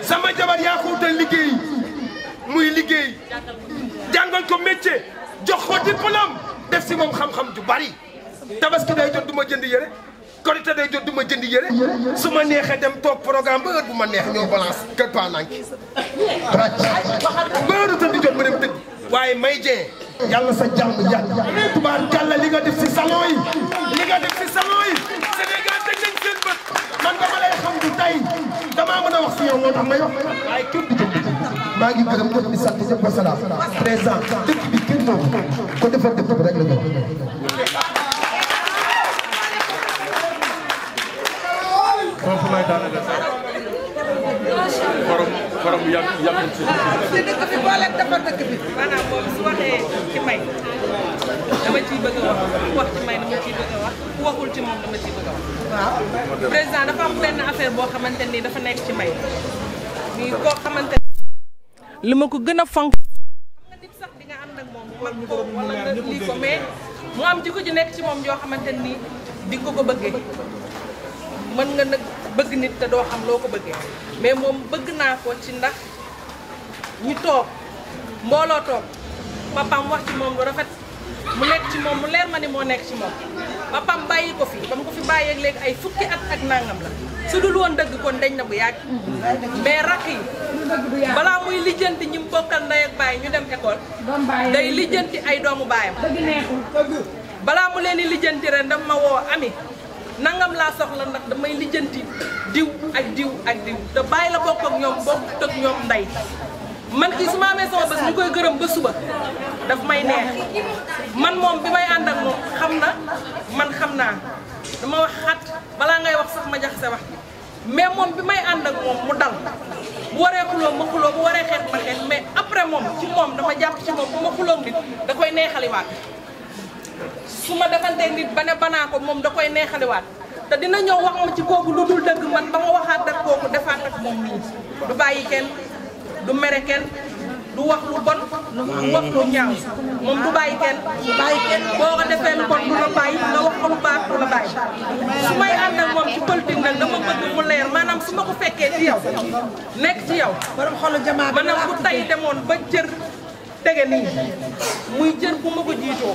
sama jabar yaa ko liggéey muy liggéey jàngal ko métier jox ko diplôme def si moom xam-xam ju bari tabaski day jot du ma jënd yére korite day jot du ma jënd yére su ma neexee dem toog programme ba heure bu ma neex ñoo balance kër pa nanki ba heure jot ma dem tëdd waaye may jee yàlla sa jàmm yàgg tubaar kàlla li nga def si salon yi li nga def si salon yi Sénégal teg nañ seen bët man dama lay xam du tey damaa mën a wax si yow moo tax may wax waaye képp di jëm maa ngi gërëm ñëpp di sant ñëpp wasalaam présent dëkk bi kenn moom ko defal dëkk bi rek la foofu lay daanaka borom yàgg yàgg si. te dëkk bi boole defar dëkk bi. maanaam ci may dama ciy bëgg a wax ku wax ci may dama ciy bëgg a wax ku waxul ci moom dama ciy bëgg a wax. président dafa am benn affaire boo xamante nii dafa nekk ci may mi koo xamante ni. li ma ko gën a fonk. xam nga nit sax nga ànd ak moom ko wala nga lii ko mais am jikko ji nekk ci moom yoo xamante ni di nga ko ko bëggee mën nga nag. bëgg nit te doo xam loo ko bëggee mais moom bëgg naa ko ci ndax ñu toog mbooloo toog papaam wax ci moom lu rafet mu nekk ci moom mu leer ma ni moo nekk ci moom papaam bàyyi ko fi ba mu ko fi bàyyeeg léegi ay fukki at ak nangam la su dul woon dëgg kon dañ na bu yàgg mais rakk yi balaa muy lijjanti ñi mu bokkal ndey ak baay ñu dem école day lijjanti ay doomu baayam balaa mu leen di lijjanti ren dama ma woo ami nangam laa soxla nag damay lijjanti diw ak diw ak diw te bàyyi la bokk ak ñoom bokk tëg ñoom ndey man kii su ma amee sama bés ñu koy gërëm ba suba daf may neex man moom bi may ànd ak moom xam na man xam naa dama wax xat balaa ngay wax sax ma jaxase wax mais moom bi may ànd ak moom mu dal bu waree xuloo ma xuloo bu waree xeex ma xeex mais après moom ci moom dama jàpp ci moom bu ma xuloo nit da koy neexaliwaat su ma defantee nit ba ne banaa ko moom da koy neexaliwaat te dina ñëw wax ma ci kooku lu dul dëgg man ba ma waxaat ak kooku defaat ak moom nii du bàyyi kenn du mere kenn du wax lu bon du wax lu ñaaw moom bàyyi kenn du bàyyi kenn boo ko defee lu bon du bàyyi su may ànd ak moom ci politique nag dama bëgg mu leer maanaam su ma ko fekkee ci yow nekk ci yow borom xolu jamaa maanaam bu demoon ba jër tege nii muy jër bu ma ko jiitoo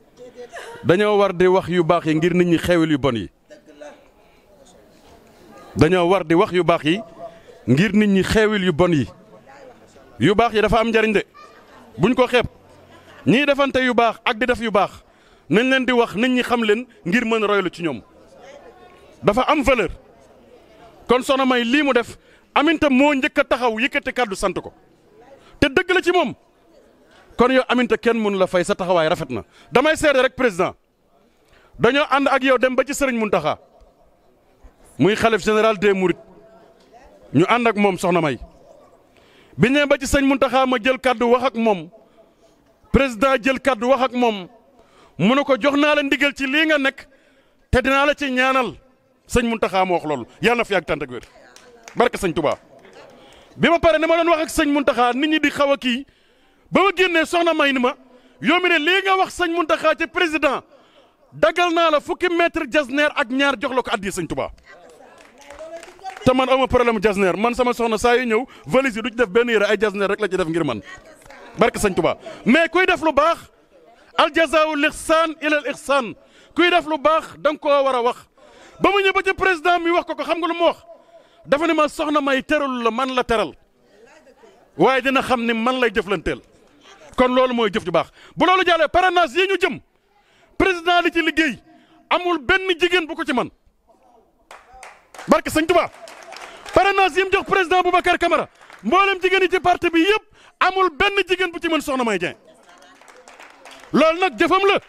dañoo war di wax yu baax yi ngir nit ñi xewil yu bon yi dañoo war di wax yu baax yi ngir nit ñi xewil yu bon yi yu baax yi dafa am njariñ de buñ ko xeeb ñii defante yu baax ak di def yu baax nañ leen di wax nit ñi xam leen ngir mën roylu ci ñoom dafa am valeur kon Soxna May lii mu def aminta moo njëkk a taxaw yëkkati kàddu sant ko te dëgg la ci moom. kon yow Aminta kenn mënu la fay sa taxawaay rafet na damay seede rek président dañoo ànd ak yow dem ba ci sëriñ Muntaxa muy xalif général des Mourides ñu ànd ak moom soxna May bi ñëwee ba ci sëriñ Muntaxa ma jël kàddu wax ak moom président jël kàddu wax ak moom mu ne ko jox naa la ndigal ci lii nga nekk te dinaa la ci ñaanal sëñ Muntaxa ma wax loolu yàlla na fi yàgg tànt ak wér barke sëñ Touba bi ma pare ne ma doon wax ak sëñ Muntaxa nit ñi di xaw a kii. ba ma génnee soxna may ni ma yow mi ne lii nga wax sëñ Muntaxa ci président dagal naa la fukki mètre jasneer ak ñaar jox la ko addi sëñ Tuubaa te man awma problème jasneer man sama soxna saa ñëw valise yi du ci def benn yére ay jasneer rek la ci def ngir man barke sëñ Tuubaa mais kuy def lu baax aljazaawu lixsaan ilal ixsaan kuy def lu baax da nga koo war a wax ba mu ñëw ba ci président mi wax ko ko xam nga lu mu wax dafa ne ma soxna may teralu la man la teral waaye dina xam ni man lay jëflanteel kon loolu mooy jëf ju baax bu loolu jàllee parrainage yi ñu jëm président li ci liggéey amul benn jigéen bu ko ci man barke sëñ Tuubaa parrainage yi mu jox président Boubacar Camara mboolem jigéen yi ci parti bi yëpp amul benn jigéen bu ci mën soxna May Dieng loolu nag jëfam la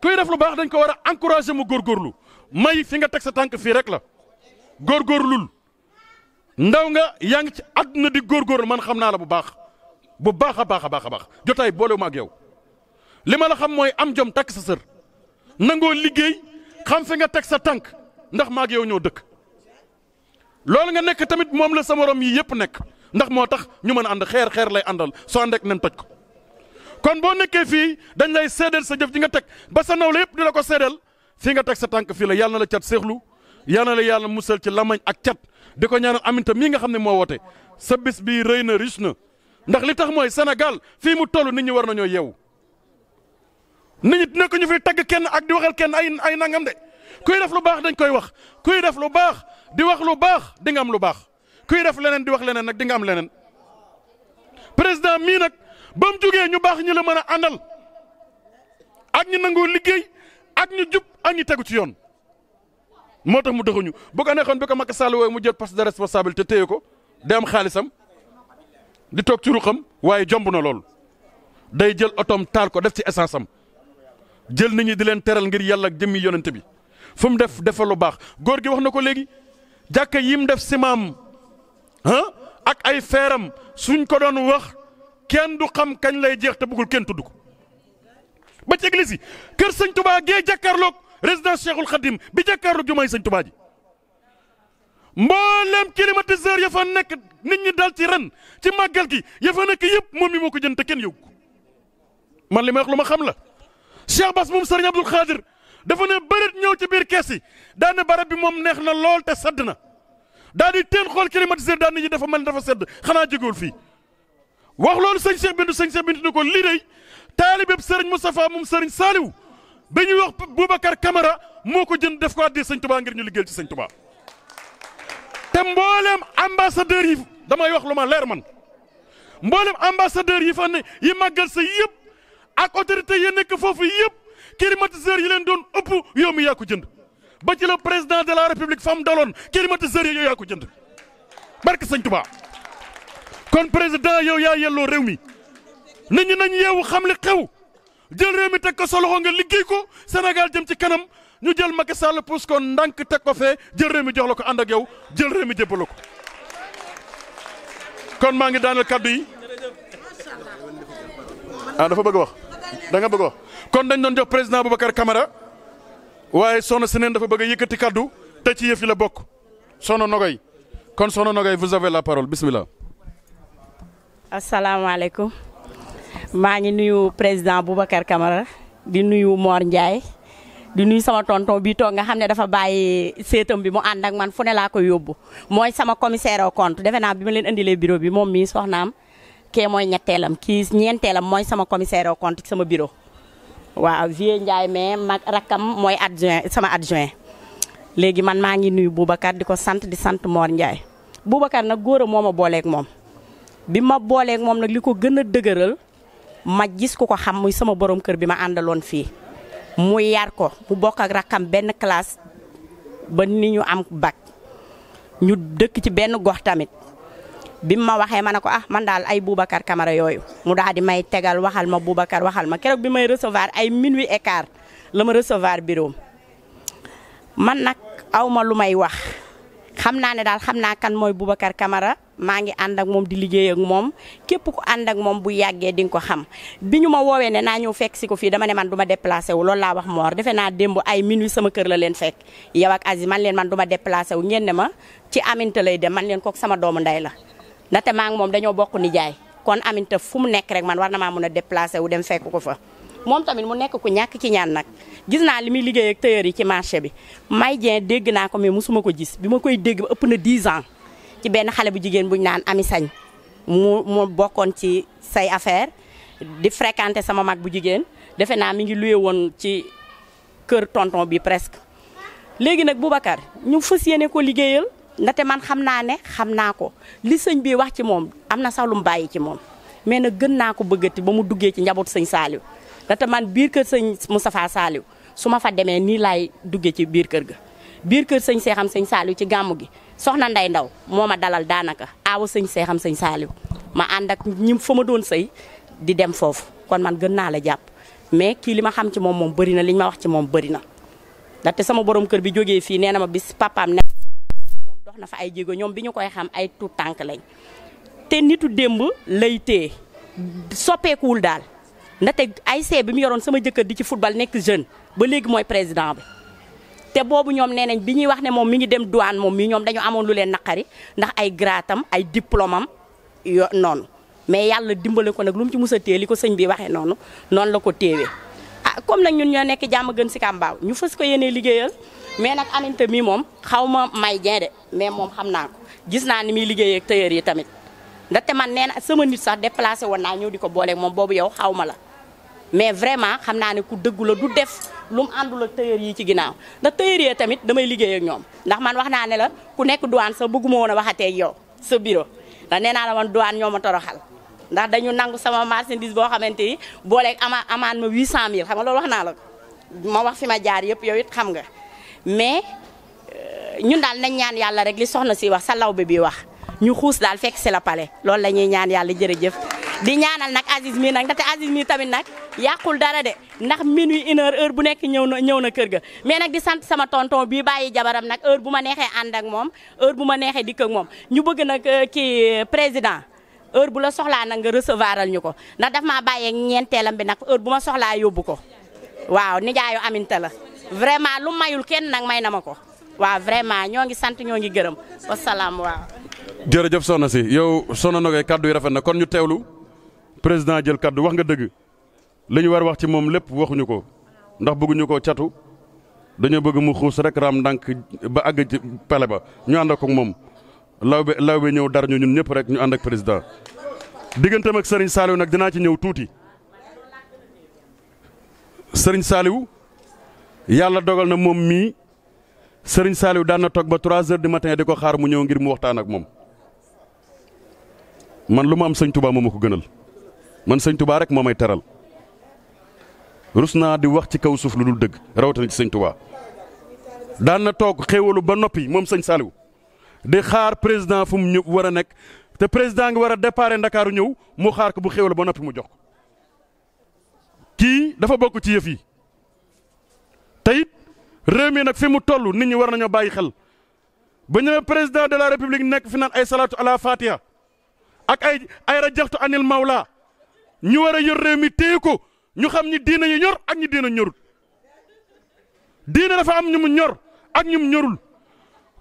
kuy def lu baax dañ ko war a encouragé mu góorgóorlu may fi nga teg sa tànk fii rek la góorgóorlul ndaw nga yaa ngi ci àdduna di lu man xam naa la bu baax. bu baax a baax a baax a baax jotaay boolewuma ak yow li ma la xam mooy am jom takk sa sër nangoo liggéey xam fi nga teg sa tànk ndax maa yow ñoo dëkk loolu nga nekk tamit moom la sa morom yi yëpp nekk ndax moo tax ñu mën a ànd xeer xeer lay àndal soo àndeek nen toj ko kon boo nekkee fii dañ lay seedeel sa jëf ji nga teg ba sa naw la yëpp di la ko seedeel fii nga teg sa tànk fii la yàlla na la cat seexlu yàlla na la yàlla musal ci lamañ ak cat di ko ñaanal aminta mii nga xam ne moo woote sa bii rëy na riche na ndax li tax moy senegal fi mu tollu nit ñi war nañu yew nit ñi nekk ñu fi tag kenn ak di waxal kenn ay ay nangam de kuy def lu baax dañ koy wax kuy def lu baax di wax lu baax di nga am lu baax kuy def leneen di wax leneen nak di nga am leneen president mi nak bam mu ñu baax ñi la mëna andal ak ñu nangoo liggey ak ñu jup ak ñu tegu ci yoon motax mu dëxuñu bu ko nekkon bi ko Macky Sall mu jël poste de responsabilité teyeko dem xalisam di toog ci ruqam waaye jomb na lool day jël otoom taal ko def ci essence am jël nit di leen teral ngir yàlla ak jëmmi yonent bi fu mu def defal lu baax góor gi wax na ko léegi jàkka yi mu def simaam ah ak ay feeram suñ ko doon wax kenn du xam kañ lay jeex te bugul kenn tudd ko ba ci église yi kër sëñ Touba gee jàkkaarloog résidence Cheikhul Khadim bi jàkkaarloog jumaay sëñ Touba ji mboolem climatiseur ya fa nekk nit ñi dal ci ren ci màggal gi ya fa nekk yëpp moom mi moo ko jënd te kenn yóbbu man li ma wax lu ma xam la Cheikh Bass moom Serigne Abdoul Khadir dafa ne bërit ñëw ci biir kees yi daan na bi moom neex na lool te sedd na daal di teel xool climatiseur daan nit ñi dafa mel dafa sedd xanaa jógewul fii wax loolu sëñ Cheikh Bintu sëñ Cheikh Bintu ni ko lii day taalibeb Serigne Moustapha moom Serigne Saliou bi ñuy wax Boubacar Camara moo ko jënd def ko àddee sëñ Touba ngir ñu ci sëñ te mboolem ambassadeur yi damay wax lu ma leer man mboolem ambassadeur yi fa ne yi màggal sa yëpp ak autorité yi nekk foofu yëpp climatiseur yi leen doon ëpp yow mi yaa jënd ba ci la président de la république fam daloon climatiseur yi yoo yaa ko jënd barke sëñ Tuubaa kon président yow yaa yelloo réew mi nit nañu nañ yeewu xam li xew jël réew mi teg ko sa loxo nga liggéey ko Sénégal jëm ci kanam ñu jël Macky Sall pousse ko ndànk teg ko fee jël réew mi jox la ko ànd ak yow jël mi jébbal ko kon maa ngi daaneel kaddu yi ah dafa bëgg wax da bëgg wax kon dañ doon jox président Boubacar kamara waaye soxna seneen dafa bëgg a yëkkati kaddu te ci yëf la bokk soxna Nogaye kon soxna Nogaye vous la parole bismillah. asalaamaaleykum maa ngi nuyu président Boubacar Camara di nuyu Mor Ndiaye. di nuyu sama tonton bi toog nga xam ne dafa bàyyi seetam bi mu ànd ak man fu ne laa ko yóbbu mooy sama commissaire au compte defe naa bi ma leen indilee bureau bi moom mii soxnaam kee mooy ñetteelam kii ñeenteelam mooy sama commissaire au compte sama bureau. waaw vieux Ndiaye mais mag rakkam mooy adjoint sama adjoint léegi man maa ngi nuyu Boubacar di ko sant di sant Mor Ndiaye Boubacar nag góor a moo ma booleeg moom bi ma booleek moom nag li ko gën a dëgëral ma gis ku ko xam muy sama borom kër bi ma àndaloon fii. mu yar ko mu bokk ak rakkam benn classe ba ni ñu am bac ñu dëkk ci benn gox tamit bi ma waxee ma ne ko ah man daal ay Boubacar Camara yooyu mu daal di may tegal waxal ma Boubacar waxal ma keroog bi may recevoir ay minuit écart la ma recevoir bureau man nag aw ma lu may wax. xam naa ne daal xam naa kan mooy Boubacar kamara maa ngi ànd ak moom di liggéey moom képp ku ànd ak moom bu yàggee di nga ko xam bi ñu ma woowee ne naa ñëw fekk si ko fii dama ne man du ma déplacé wu laa wax moor defe naa démb ay minuit sama kër la leen fekk yow ak Aziz man leen man du ma déplacé wu ngeen ne ma ci Aminta lay dem man leen kook sama doomu ndey la ndaxte maa ngi moom dañoo bokk nijaay kon Aminta fu mu nekk rek man war na maa mun a déplacé wu dem ko fa moom tamit mu nekk ku ñàkk ci ñaan nag gis naa li muy liggéey ak yi ci marché bi May Dieng dégg naa ko mais mosuma ko gis bi ma koy dégg ba ëpp na 10 ans ci benn xale bu jigéen buñ naan Ami Sañ mu mu bokkoon ci say affaire di fréquenter sama mag bu jigéen defe naa mi ngi luye woon ci kër tonton bi presque léegi nag bu Boubacar ñu fas yéene ko liggéeyal nate man xam naa ne xam naa ko li sëñ bi wax ci moom am na sax lu mu bàyyi ci moom mais nag gën naa ko bëggati ba mu duggee ci njaboot sëñ Saliou ndaxte man biir kër sëñ mu Moustapha Saliou su ma fa demee nii laay duggee ci biir kër ga biir kër sëñ seexam sëñ Saliou ci gàmmu gi soxna nday ndaw moo ma dalal daanaka aawa sëñ seexam sëñ Saliou ma ànd ak ñi fa ma doon sëy di dem foofu kon man gën naa la jàpp mais kii li ma xam ci moom moom bëri na li ma wax ci moom bëri na ndaxte sama borom kër bi jógee fii nee na ma bis papaam ne moom dox na fa ay jéego ñoom bi ñu koy xam ay tuut tànk lañ te nitu démb lay téye soppeekuwul daal ndaxte ASC bi mu yoroon sama jëkkër di ci football nekk jeune ba léegi mooy président bi te boobu ñoom nee nañ bi ñuy wax ne moom mi ngi dem douane moom mii ñoom dañu amoon lu leen naqari ndax ay gratam ay diplôme am yo noonu mais yàlla dimbale ko nag lu ci musa a li ko sëñ bi waxee noonu noonu la ko téewee ah comme nag ñun ñoo nekk jàmm gën si kàmbaaw ñu fës ko yéenee liggéeyal mais nag aminta mii moom xaw ma may jeen de mais moom xam naa ko gis naa ni muy liggéeyee ak tailleur yi tamit ndaxte man nee na sax déplacé woon naa ñëw di ko booleeg moom boobu yow xaw ma la mais vraiment xam naa ne ku dëggu la du def lu àndul a tailleur yi ci ginnaaw ndax tailleur yi tamit damay liggéey ak ñoom ndax man wax naa ne la ku nekk douane sa bëgguma woon a waxatee ak yow sa bureau ndax nee naa la man douane ñoo ma toroxal ndax dañu nangu sama marchandise boo xamante ni booleeg ama amaan ma 800000 xam nga loolu wax naa la ma wax fi ma jaar yëpp yow it xam nga mais euh, ñun daal nañ ñaan yàlla rek li soxna si wax sa law bi bi wax ñu xuus daal fekk si la pale loolu la ñuy ñaan yàlla jërëjëf di ñaanal nag Aziz mii nag ndaxte Aziz mii tamit nag yàqul dara de ndax minuit wi heure heure bu nekk ñëw na ñëw na kër ga mais nag di sant sama tonton bii bàyyi jabaram nag heure bu ma neexee ànd ak moom heure bu ma neexee dikk ak moom ñu bëgg nag euh, kii euh, président heure bu la soxlaa nag nga recevoiral ñu ko ndax daf maa bàyyeeg ñeenteelam bi nag heure bu ma soxlaa yóbbu ko waaw nijaayu aminta la vraiment lu mayul kenn nag may na ma ko waaw vraiment ñoo ngi sant ñoo ngi gërëm wasalaam waaw. jërëjëf soxna si yow soxna Nogay kàddu yi rafet na kon ñu teewlu. président jël kàddu wax nga dëgg li ñu war wax ci moom lépp waxuñu ko ndax bëgguñu ko catu dañoo bëgg mu xuus rek raam ndànk ba àgg pale ba ñu ànd ak moom lawbe lawbe ñëw dar ñu ñun ñëpp rek ñu ànd ak président diggante ak sëriñ saaliw nag dinaa ci ñëw tuuti sëriñ Saliou yàlla dogal na moom mii Serigne Saliou daan na toog ba trois heures du matin di ko xaar mu ñëw ngir mu waxtaan ak moom man lu ma am sëñ Touba moom ma ko gënal. man sëñ tubaa rek moo may teral rus naa di wax ci kaw suuf lu dul dëgg rawatina ci sëñ daan na toog xéewalu ba noppi moom sëñ Saliou di xaar président fu mu ñëw war a nekk te président ngi war a déparé ndakaaru ñëw mu xaar ko bu xéewalu ba noppi mu jox ko kii dafa bokk ci yëf yi te it réew mi nag fi mu toll nit ñi war nañoo bàyyi xel ba ñëwee président de la république nekk fi naan ay salaatu ala fatiha ak ay ay rajaxtu anil mawla ñu war a yor réew mi téye ko ñu xam ñi diina ñu ñor ak ñi diina ñorul diina dafa am ñu ñor ak ñu ñorul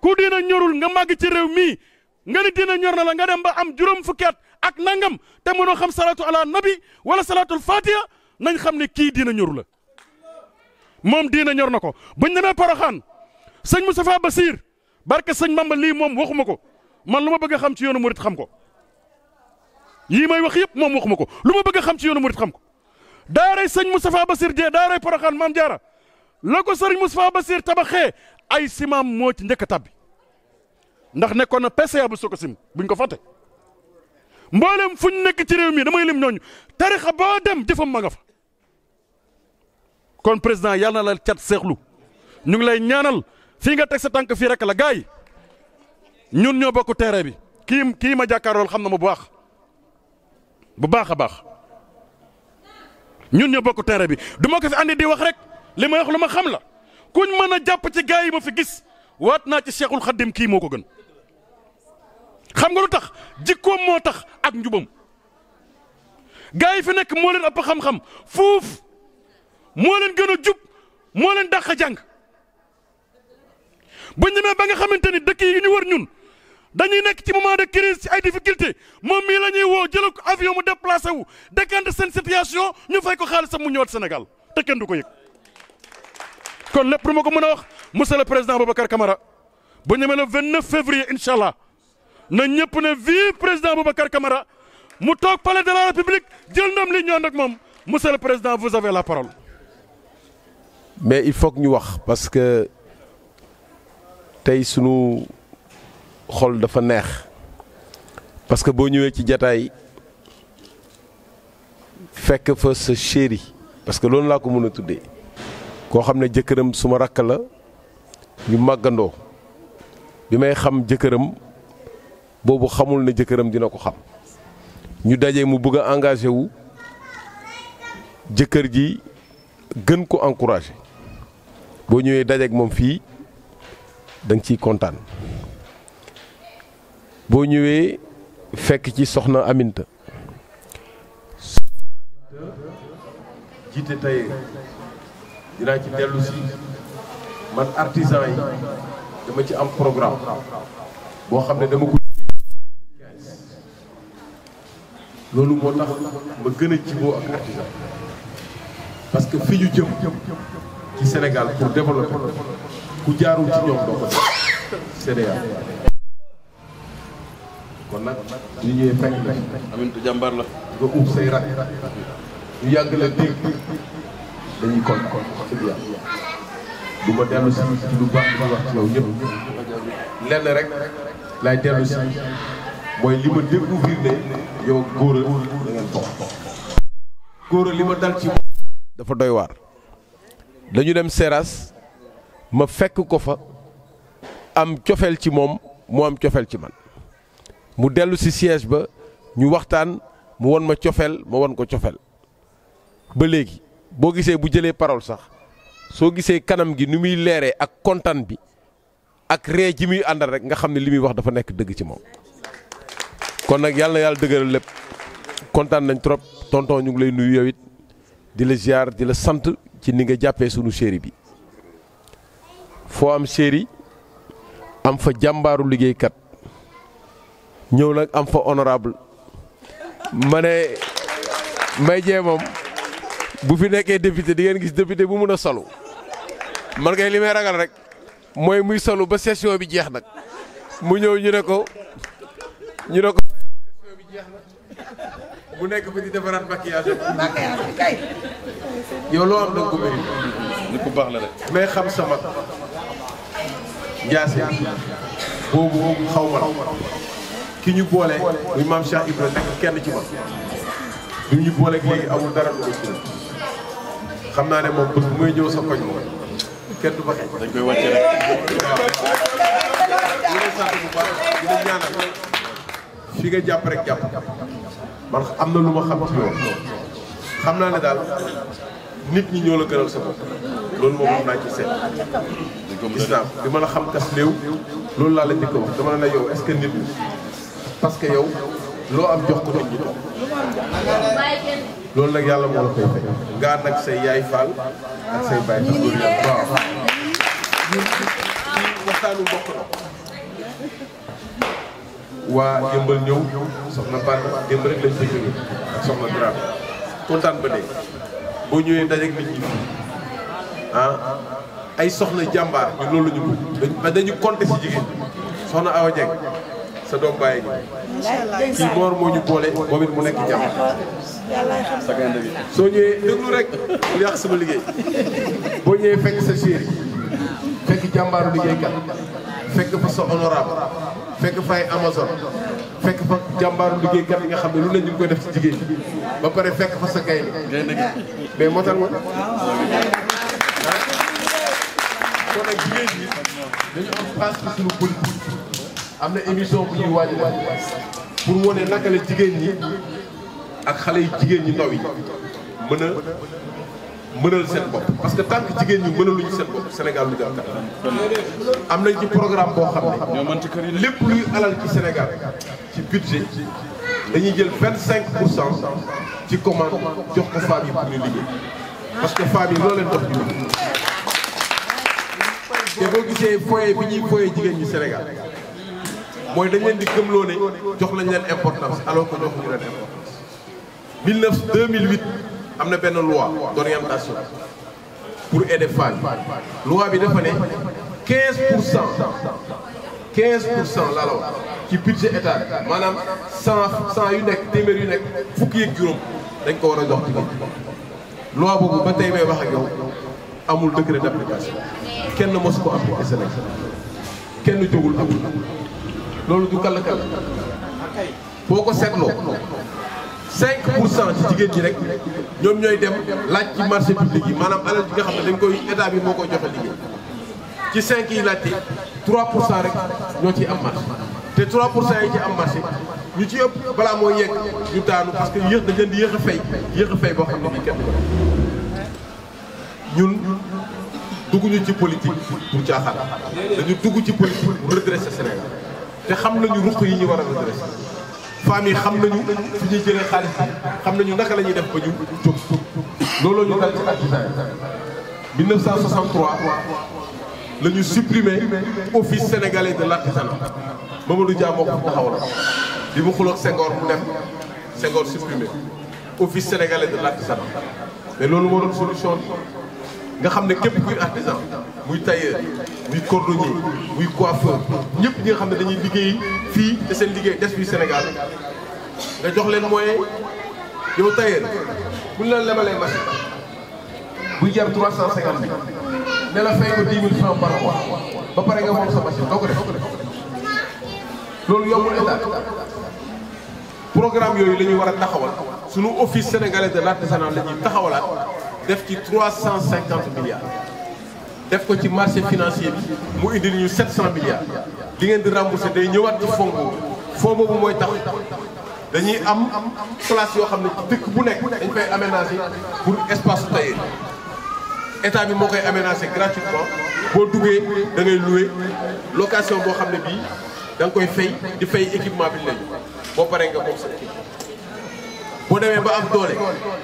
ku diina ñorul nga màgg ci réew mii nga ni diina ñor na la nga dem ba am juróom fukki at ak nangam te mënoo xam salaatu ala nabi wala salaatul fatiha nañ xam ni kii diina ñoru la moom diina ñor na ko buñ demee Poroxaan sëñ Moustapha Basir barke sëñ Mamba lii moom waxuma ko man lu ma bëgg xam ci yoonu murit xam ko yi may wax yëpp moom waxuma ko lu ma bëgg a xam ci yoonu murit xam ko daaray sëñ Moustapha Bassir Dieng daaray Porokhane mam Jaara la ko sëriñ Moustapha Bassir tabaxee ay simaam moo ci njëkk tab bi ndax nekkoon na PCA bu soko sim buñ ko fate mboolem fuñ nekk ci réew mi damay lim ñooñu tarixa boo dem jëfam ma nga fa kon président yàlla na la cat seexlu ñu ngi lay ñaanal fii nga teg sa tànk fii rek la gaay ñun ñoo bokk terrain bi kii kii ma jàkkaarool xam na ma bu baax bu baax a baax ñun ñoo bokk terrain bi du ma ko fi andi di wax rek li ma wax lu ma xam la kuñ mën a jàpp ci gars yi ma fi gis waat naa ci Cheikhul Khadim kii moo ko gën xam nga lu tax jikkoom moo tax ak njubam gars yi fi nekk moo leen ëpp xam-xam fuuf moo leen gën a jub moo leen dàq jàng buñ demee ba nga xamante ni dëkk yi ñu wër ñun. dañuy nek ci moment de crise ci ay difficulté mom mi lañuy wo woo jël ko avion mu déplacer wu décanté sen situation ñu fay ko xaalisam mu ñëwaat Sénégal te kenn du ko yëg. kon lepp lu ko mëna wax monsieur le président Boubacar Camara bu ñemee le 29 février inshallah na ñëpp ne vive président Babacar Camara mu tok palais de la république jël ndam li ñu ak mom monsieur le président vous avez la parole. mais il faut que ñu wax parce que tey nous... xol dafa neex parce que boo ñëwee ci jataay fekk fa sa chéri parce que loolu laa ko mën a tuddee koo xam ne jëkkëram suma rakk la ñu màggandoo bi may xam jëkkëram boobu xamul ne jëkkëram dina ko xam ñu daje mu bëgg a engagé wu jëkkër ji gën ko encouragé boo ñëwee dajeeg moom fii da ciy kontaan boo ñëwee fekk ci soxna Aminta jiite tay dina ci dellu ci man artisan yi dama ci am programme bo xamné dama ko lolu moo tax ma gëna ci bo ak artisan parce que fi ñu jëm ci Sénégal pour développer ku jaarul ci ñom do ko cda kon nag ñu ñëwee jàmbaar la yàgg la dégg dañuy kon kon baax di wax ci yow ñëpp lenn rek li ma dal ci moom dafa doy waar dañu dem Seras ma fekk ko fa am cofeel ci moom mu am cofeel ci man mu dellu si siège ba ñu waxtaan mu won ma cofeel ma won ko cofeel ba léegi boo gisee bu jëlee parole sax soo gisee kanam gi ni muy leere ak kontaan bi ak ree ji muy àndal rek nga xam ne li muy wax dafa nekk dëgg ci moom kon nag yàlla na yàlla dëgëral lépp kontaan nañ trop tonton ñu ngi lay nuyu yow it di la ziar di la sant ci ni nga jàppee sunu chéri bi foo am chéri am fa jàmbaaru liggéeykat ñëw nag am fa honorable ma ne may jee moom bu fi nekkee député di ngeen gis député bu mën a solu man kay li may ragal rek mooy muy solu ba session bi jeex nag mu ñëw ñu ne ko ñu ne ko session bi jeex na bu nekk fi di defaraat maquillage maquillage bi kay yow loo am nag ko bëri ni ko baax la rek mais xam sama jaase boobu xaw ma ki ñu boole muy maam Cheikh Ibrahima nekk kenn ci man bi ñu booleeg léegi amul dara lu ci xam naa ne moom bés bu may ñëw sa koñ moom kenn du fa xeeñ. dañ koy wàcce rek. nga jàpp rek jàpp man am na lu ma xam ci yow xam naa ne daal nit ñi ñoo la gënal sa bopp loolu moom moom naa ci seet. gis naa bi ma la xam kas néew loolu laa la njëkk a wax dama ne la yow est-ce parce que yow loo am jox ko nit ñi loolu nag yàlla moo la koy fay ngaa nag say yaay faal ak say baay faal loolu yàlla waaw waxtaanu mbokk yëmbal ñëw soxna Ban démb rek soxna Dram kontaan ba ah, jàmbaar jigéen soxna Awa sa doom bàyyi gi kii moor moo ñu boole moom it mu nekk jàmm sa bi soo ñëwee déglu rek lu yàq sama liggéey boo ñëwee fekk sa chéri fekk jàmbaaru liggéeykat fekk fa sa honorable fekk fay amazon fekk fa jàmbaaru liggéeykat yi nga xam ne lu ne ñu koy def ci jigéen ñi ba pare fekk fa sa gaynde mais moo tax ma kon jigéen ñi am émission bu ñuy waaj pour wane naka la jigéen ñi ak xale yi jigéen ñi ndaw yi mën a mënal seen parce que tant que ñu mëna luñu seen bop Sénégal lu jàll kat am nañ ci programme bo xamné ñoo boo xam ne lépp luy alal ci Sénégal ci budget dañuy jël 25% ci commande jox ko femmes pour ñu liggéey parce que femmes lo leen dox ñu te bo gisee foyer bi ñuy foyer jigéen ñi Sénégal mooy dañ leen di gëmloo ne jox lañ leen importance alors que jox ñu leen importance. 19 2008 am na une loi d'orientation pour aider femmes La loi bi dafa ne 15 15 la wax ci budget état bi 100 100 yu nekk téeméer yu nekk fukki ak juróom dañ ko war a jox ci kii. loi boobu ba tey may wax ak yow amul décret d'application kenn mosu ko appliqué Sénégal kenn jógul amul. loolu du kàll kàll boo ko seetloo 5 pour cent ci jigéen ñi rek ñoom ñooy dem laaj ci marché public yi maanaam alal bi nga xam ne dañ koy état bi moo koy joxe liggéey ci 5 yi laajte trois pour cent rek ñoo ci am marché te 3 pour cent yi ci am marché ñu ci ëpp balaa moo yegg ñu taanu parce que yéex dañ leen di yéex a fay yéex fay boo xam ne bii kenn ñun dugguñu ci politique pour caaxaan dañu dugg ci politique pour redresser Sénégal. te xam nañu ruq yi ñu war a redressé femmes yi xam nañu fi ñuy jëlee xaalis bi xam nañu naka la ñuy def ba ñu jóg looloo ñu dal ci bi 1963 la ñu supprimer office sénégalais de l' artisanat Mamadou Dia moo ko taxaw la bi mu xuloog Senghor mu dem Senghor supprimer office sénégalais de l' artisanat mais loolu moo solution nga xam ne képp kuy artisan muy tailleur muy cordonnier muy coiffeur ñëpp ñi nga xam ne dañuy liggéey fii te seen liggéey des fii Sénégal nga jox leen moyen yow tailleur bu ñu la lebalee machine buy jar trois la fay ko dix ba pare nga moom sa machine doo ko def loolu yombul état programme yooyu la ñuy war a taxawal sunu office sénégalais de l'artisanat la taxawalaat def ci 350 milliards def ko ci marché financier bi mu indi ñu 700 milliards Di ngeen di rembourser day ñëwaat ci fonds boobu fonds boobu mooy tax dañuy am place yoo xam ne dëkk bu nekk dañ fay aménagé pour espace tailleur état bi moo koy aménagé gratuitement boo duggee da ngay loué location boo xam ne bii da nga koy fay di fay équipement bi lay boo paree nga moom sa boo demee ba am doole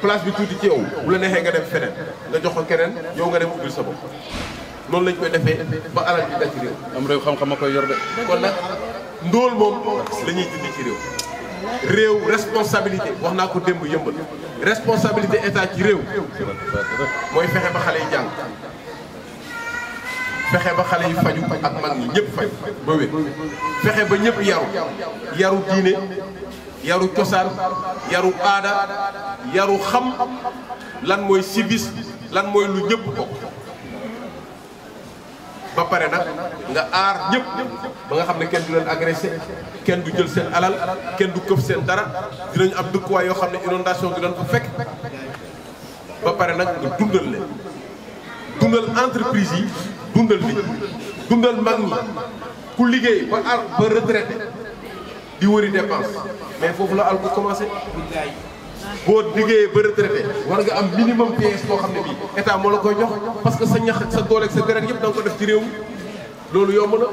place bi tuuti ci yow bu la neexee nga dem feneen nga jox ko kereen yow nga dem ubbil sa bopp noonu lañ koy defee ba alal bi daj ci réew. am réew xam-xam a koy yor de. kon nag ndóol moom la ñuy dindi ci réew. réew responsabilité wax naa ko démb yëmbal responsabilité état ci réew mooy fexe ba xale yi jàng fexe ba xale yi faju ak mag ñi ñëpp faj ba wér fexe ba ñëpp yaru yaru diine yaru cosaan yaru aada yaru xam lan mooy civisme lan mooy lu ñëpp bokk ba pare nag nga aar ñëpp ba nga xam ne kenn du leen agressé kenn du jël seen alal kenn du këf seen dara dinañu ab dëkkuwaay yoo xam ne inondation du leen ko fekk ba pare nag nga dundal leen dundal entreprise yi dundal nit dundal mag ñi ku liggéey ba ar ba retraité di wëri dépense mais foofu la al ko commencé boo liggéeyee ba retraité war nga am minimum pièce koo xam ne bii état moo la koy jox parce que sa ñax ak sa doole ak sa deret yëpp da ko def ci réew mi loolu yomb na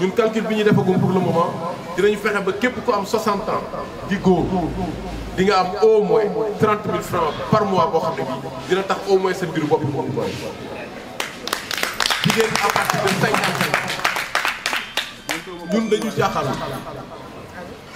ñun calcul bi ñuy ñu defagum pour le moment dinañu fexe ba képp ku am 60 ans di góor di nga am au moins 30 000 francs par mois boo xam ne bii dina tax au moins sa mbiru bopp mu am doole jigéen à partir de 55 ñun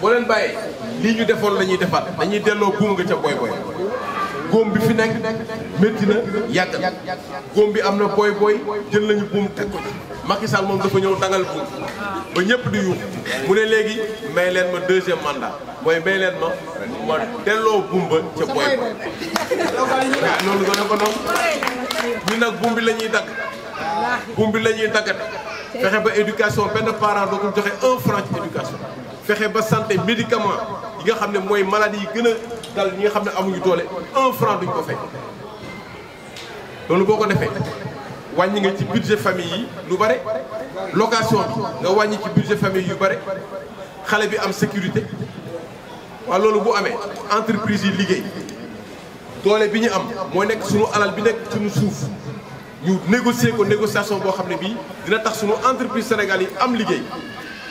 boo leen bàyyee lii ñu defoon la ñuy defaat dañuy delloo buum nga ca booy booy góom bi fi nekk metti na yàgg góom bi am na booy booy jël nañu buum teg ko ci Macky Sall moom dafa ñëw dangal buum ba ñëpp di yuux mu ne léegi may leen ma deuxième mandat mooy may leen ma ma delloo buum ba ca booy booy waaw loolu gën a ko noonu ñun nag buum bi la ñuy dagg buum bi lañuy ñuy daggat ba éducation benn parent doo ko joxe un franc ci fexe ba santé médicament yi nga xam ne maladie yi gën a dal ñi nga xam ne amuñu doole un franc duñ ko fay loolu boo ko defee wàññi nga ci budget famille yi lu bare location bi nga wàññi ci budget famille yu bare xale bi am sécurité waa loolu bu amee entreprise yi liggéey doole bi ñu am moo nekk suñu alal bi nekk suñu suuf ñu négocier ko négociation boo xam ne bii dina tax suñu entreprise sénégalais yi am liggéey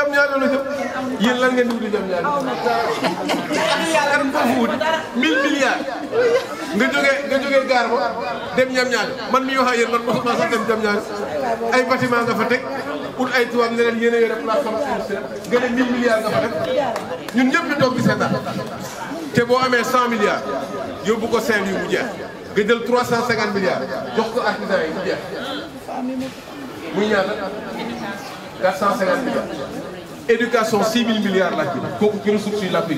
jam ñaajo la jëm yéen lan ngeen di wuti jam ñaajo milliard ko fu wut mille milliards nga jógee nga jógee gaar ba dem jam ñaajo man mi waxa yéen man mosuma sax dem jam ñaajo ay bâtiment nga fa teg ut ay tubaab ne leen yéen a yore plateforme industrielle nga ne mille milliards nga fa def ñun ñëpp ñu toog di seetaan te boo amee cent milliards yóbbu ko cinq yu jeex nga jël trois milliards jox ko artisan yi jeex muy ñaata 450 milliards éducation 6 000 milliards laa kii kooku kenn suuf si laa koy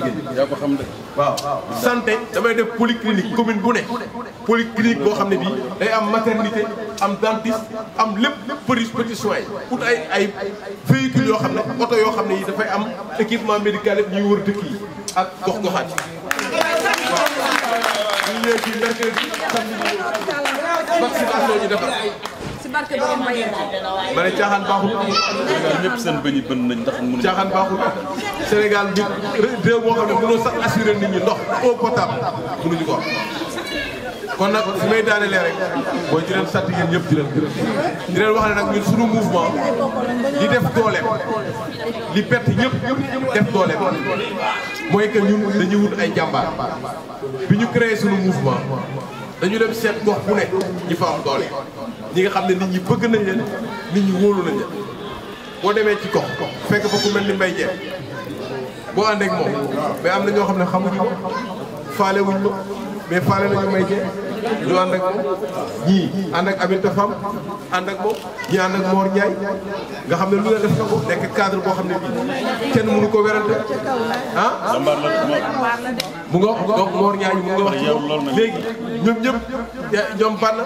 xam de waaw. santé damay def polyclinique commune bu ne polyclinique boo xam ne bii day am maternité am dentiste am lépp petit petit soin pour ay ay véhicule yoo xam auto oto yoo xam ne yi dafay am équipement médical yëpp ñuy wër dëkk yi ak gox goxaat yi. waaw ñu barke borom ma ma ne caaxaan baaxul ñëpp seen bëñ yi bën nañ ndax mënu caaxaan baaxul Sénégal bi réew boo xam ne mënoo sax assuré nit ñi ndox eau potable mënuñu ko kon nag su may daanelee rek mooy di leen sant yéen ñëpp di leen di leen wax ne nag ñun suñu mouvement li def dooleem li perte ñëpp def dooleem mooy que ñun dañuy wut ay jàmbaar bi ñu créé suñu mouvement dañu dem seet gox bu ne ñi fa am doole ñi nga xam ne nit ñi bëgg nañ leen nit ñi wóolu nañ boo demee ci ko fekk fa ku mel ni mbay jeex boo àndeek moom mais am na ñoo xam ne xamuñu ko faale wuñ ko mais faale nañu mbay jeex ñu ànd ak moom ñii ànd ak Aminata Fam ànd ak moom ñii ànd ak Mor Ndiaye nga xam ne lu la def na ko nekk cadre boo xam ne bii kenn mënu ko werante ah mu nga donc Mor Ndiaye mu nga wax ci moom léegi ñoom ñëpp ñoom bànn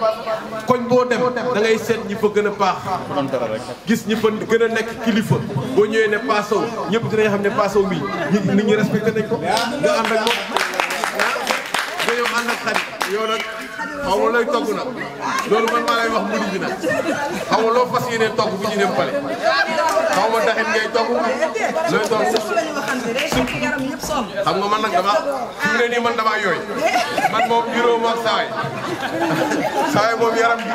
koñ boo dem da ngay seet ñi fa gën a baax gis ñi fa gën a nekk kilifa boo ñëwee ne paasow ñëpp dinañ xam ne paasow mii nit ñi respecté nañ ko nga ànd ak moom ah? nga yow ànd ak xarit yow nag xaw ma looy togg nag loolu ma maa wax mbir bi nag xaw loo fas yéenee togg bu ñu dem pale xaw ma daxin ngay togg looy togg suuf xam nga man nag dama fi mu ne nii man damaa yooy man moom juróom ak saay saay moom yaram bi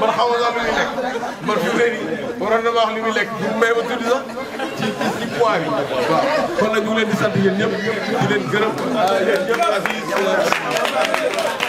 ma sax lu muy lekk man fi mu ne nii waroon na ma wax li muy lekk bu may ma tudd sax ci ci ci poids bi waaw kon nag ñu ngi leen di sant yéen ñëpp di leen gërëm yéen ñëpp Aziz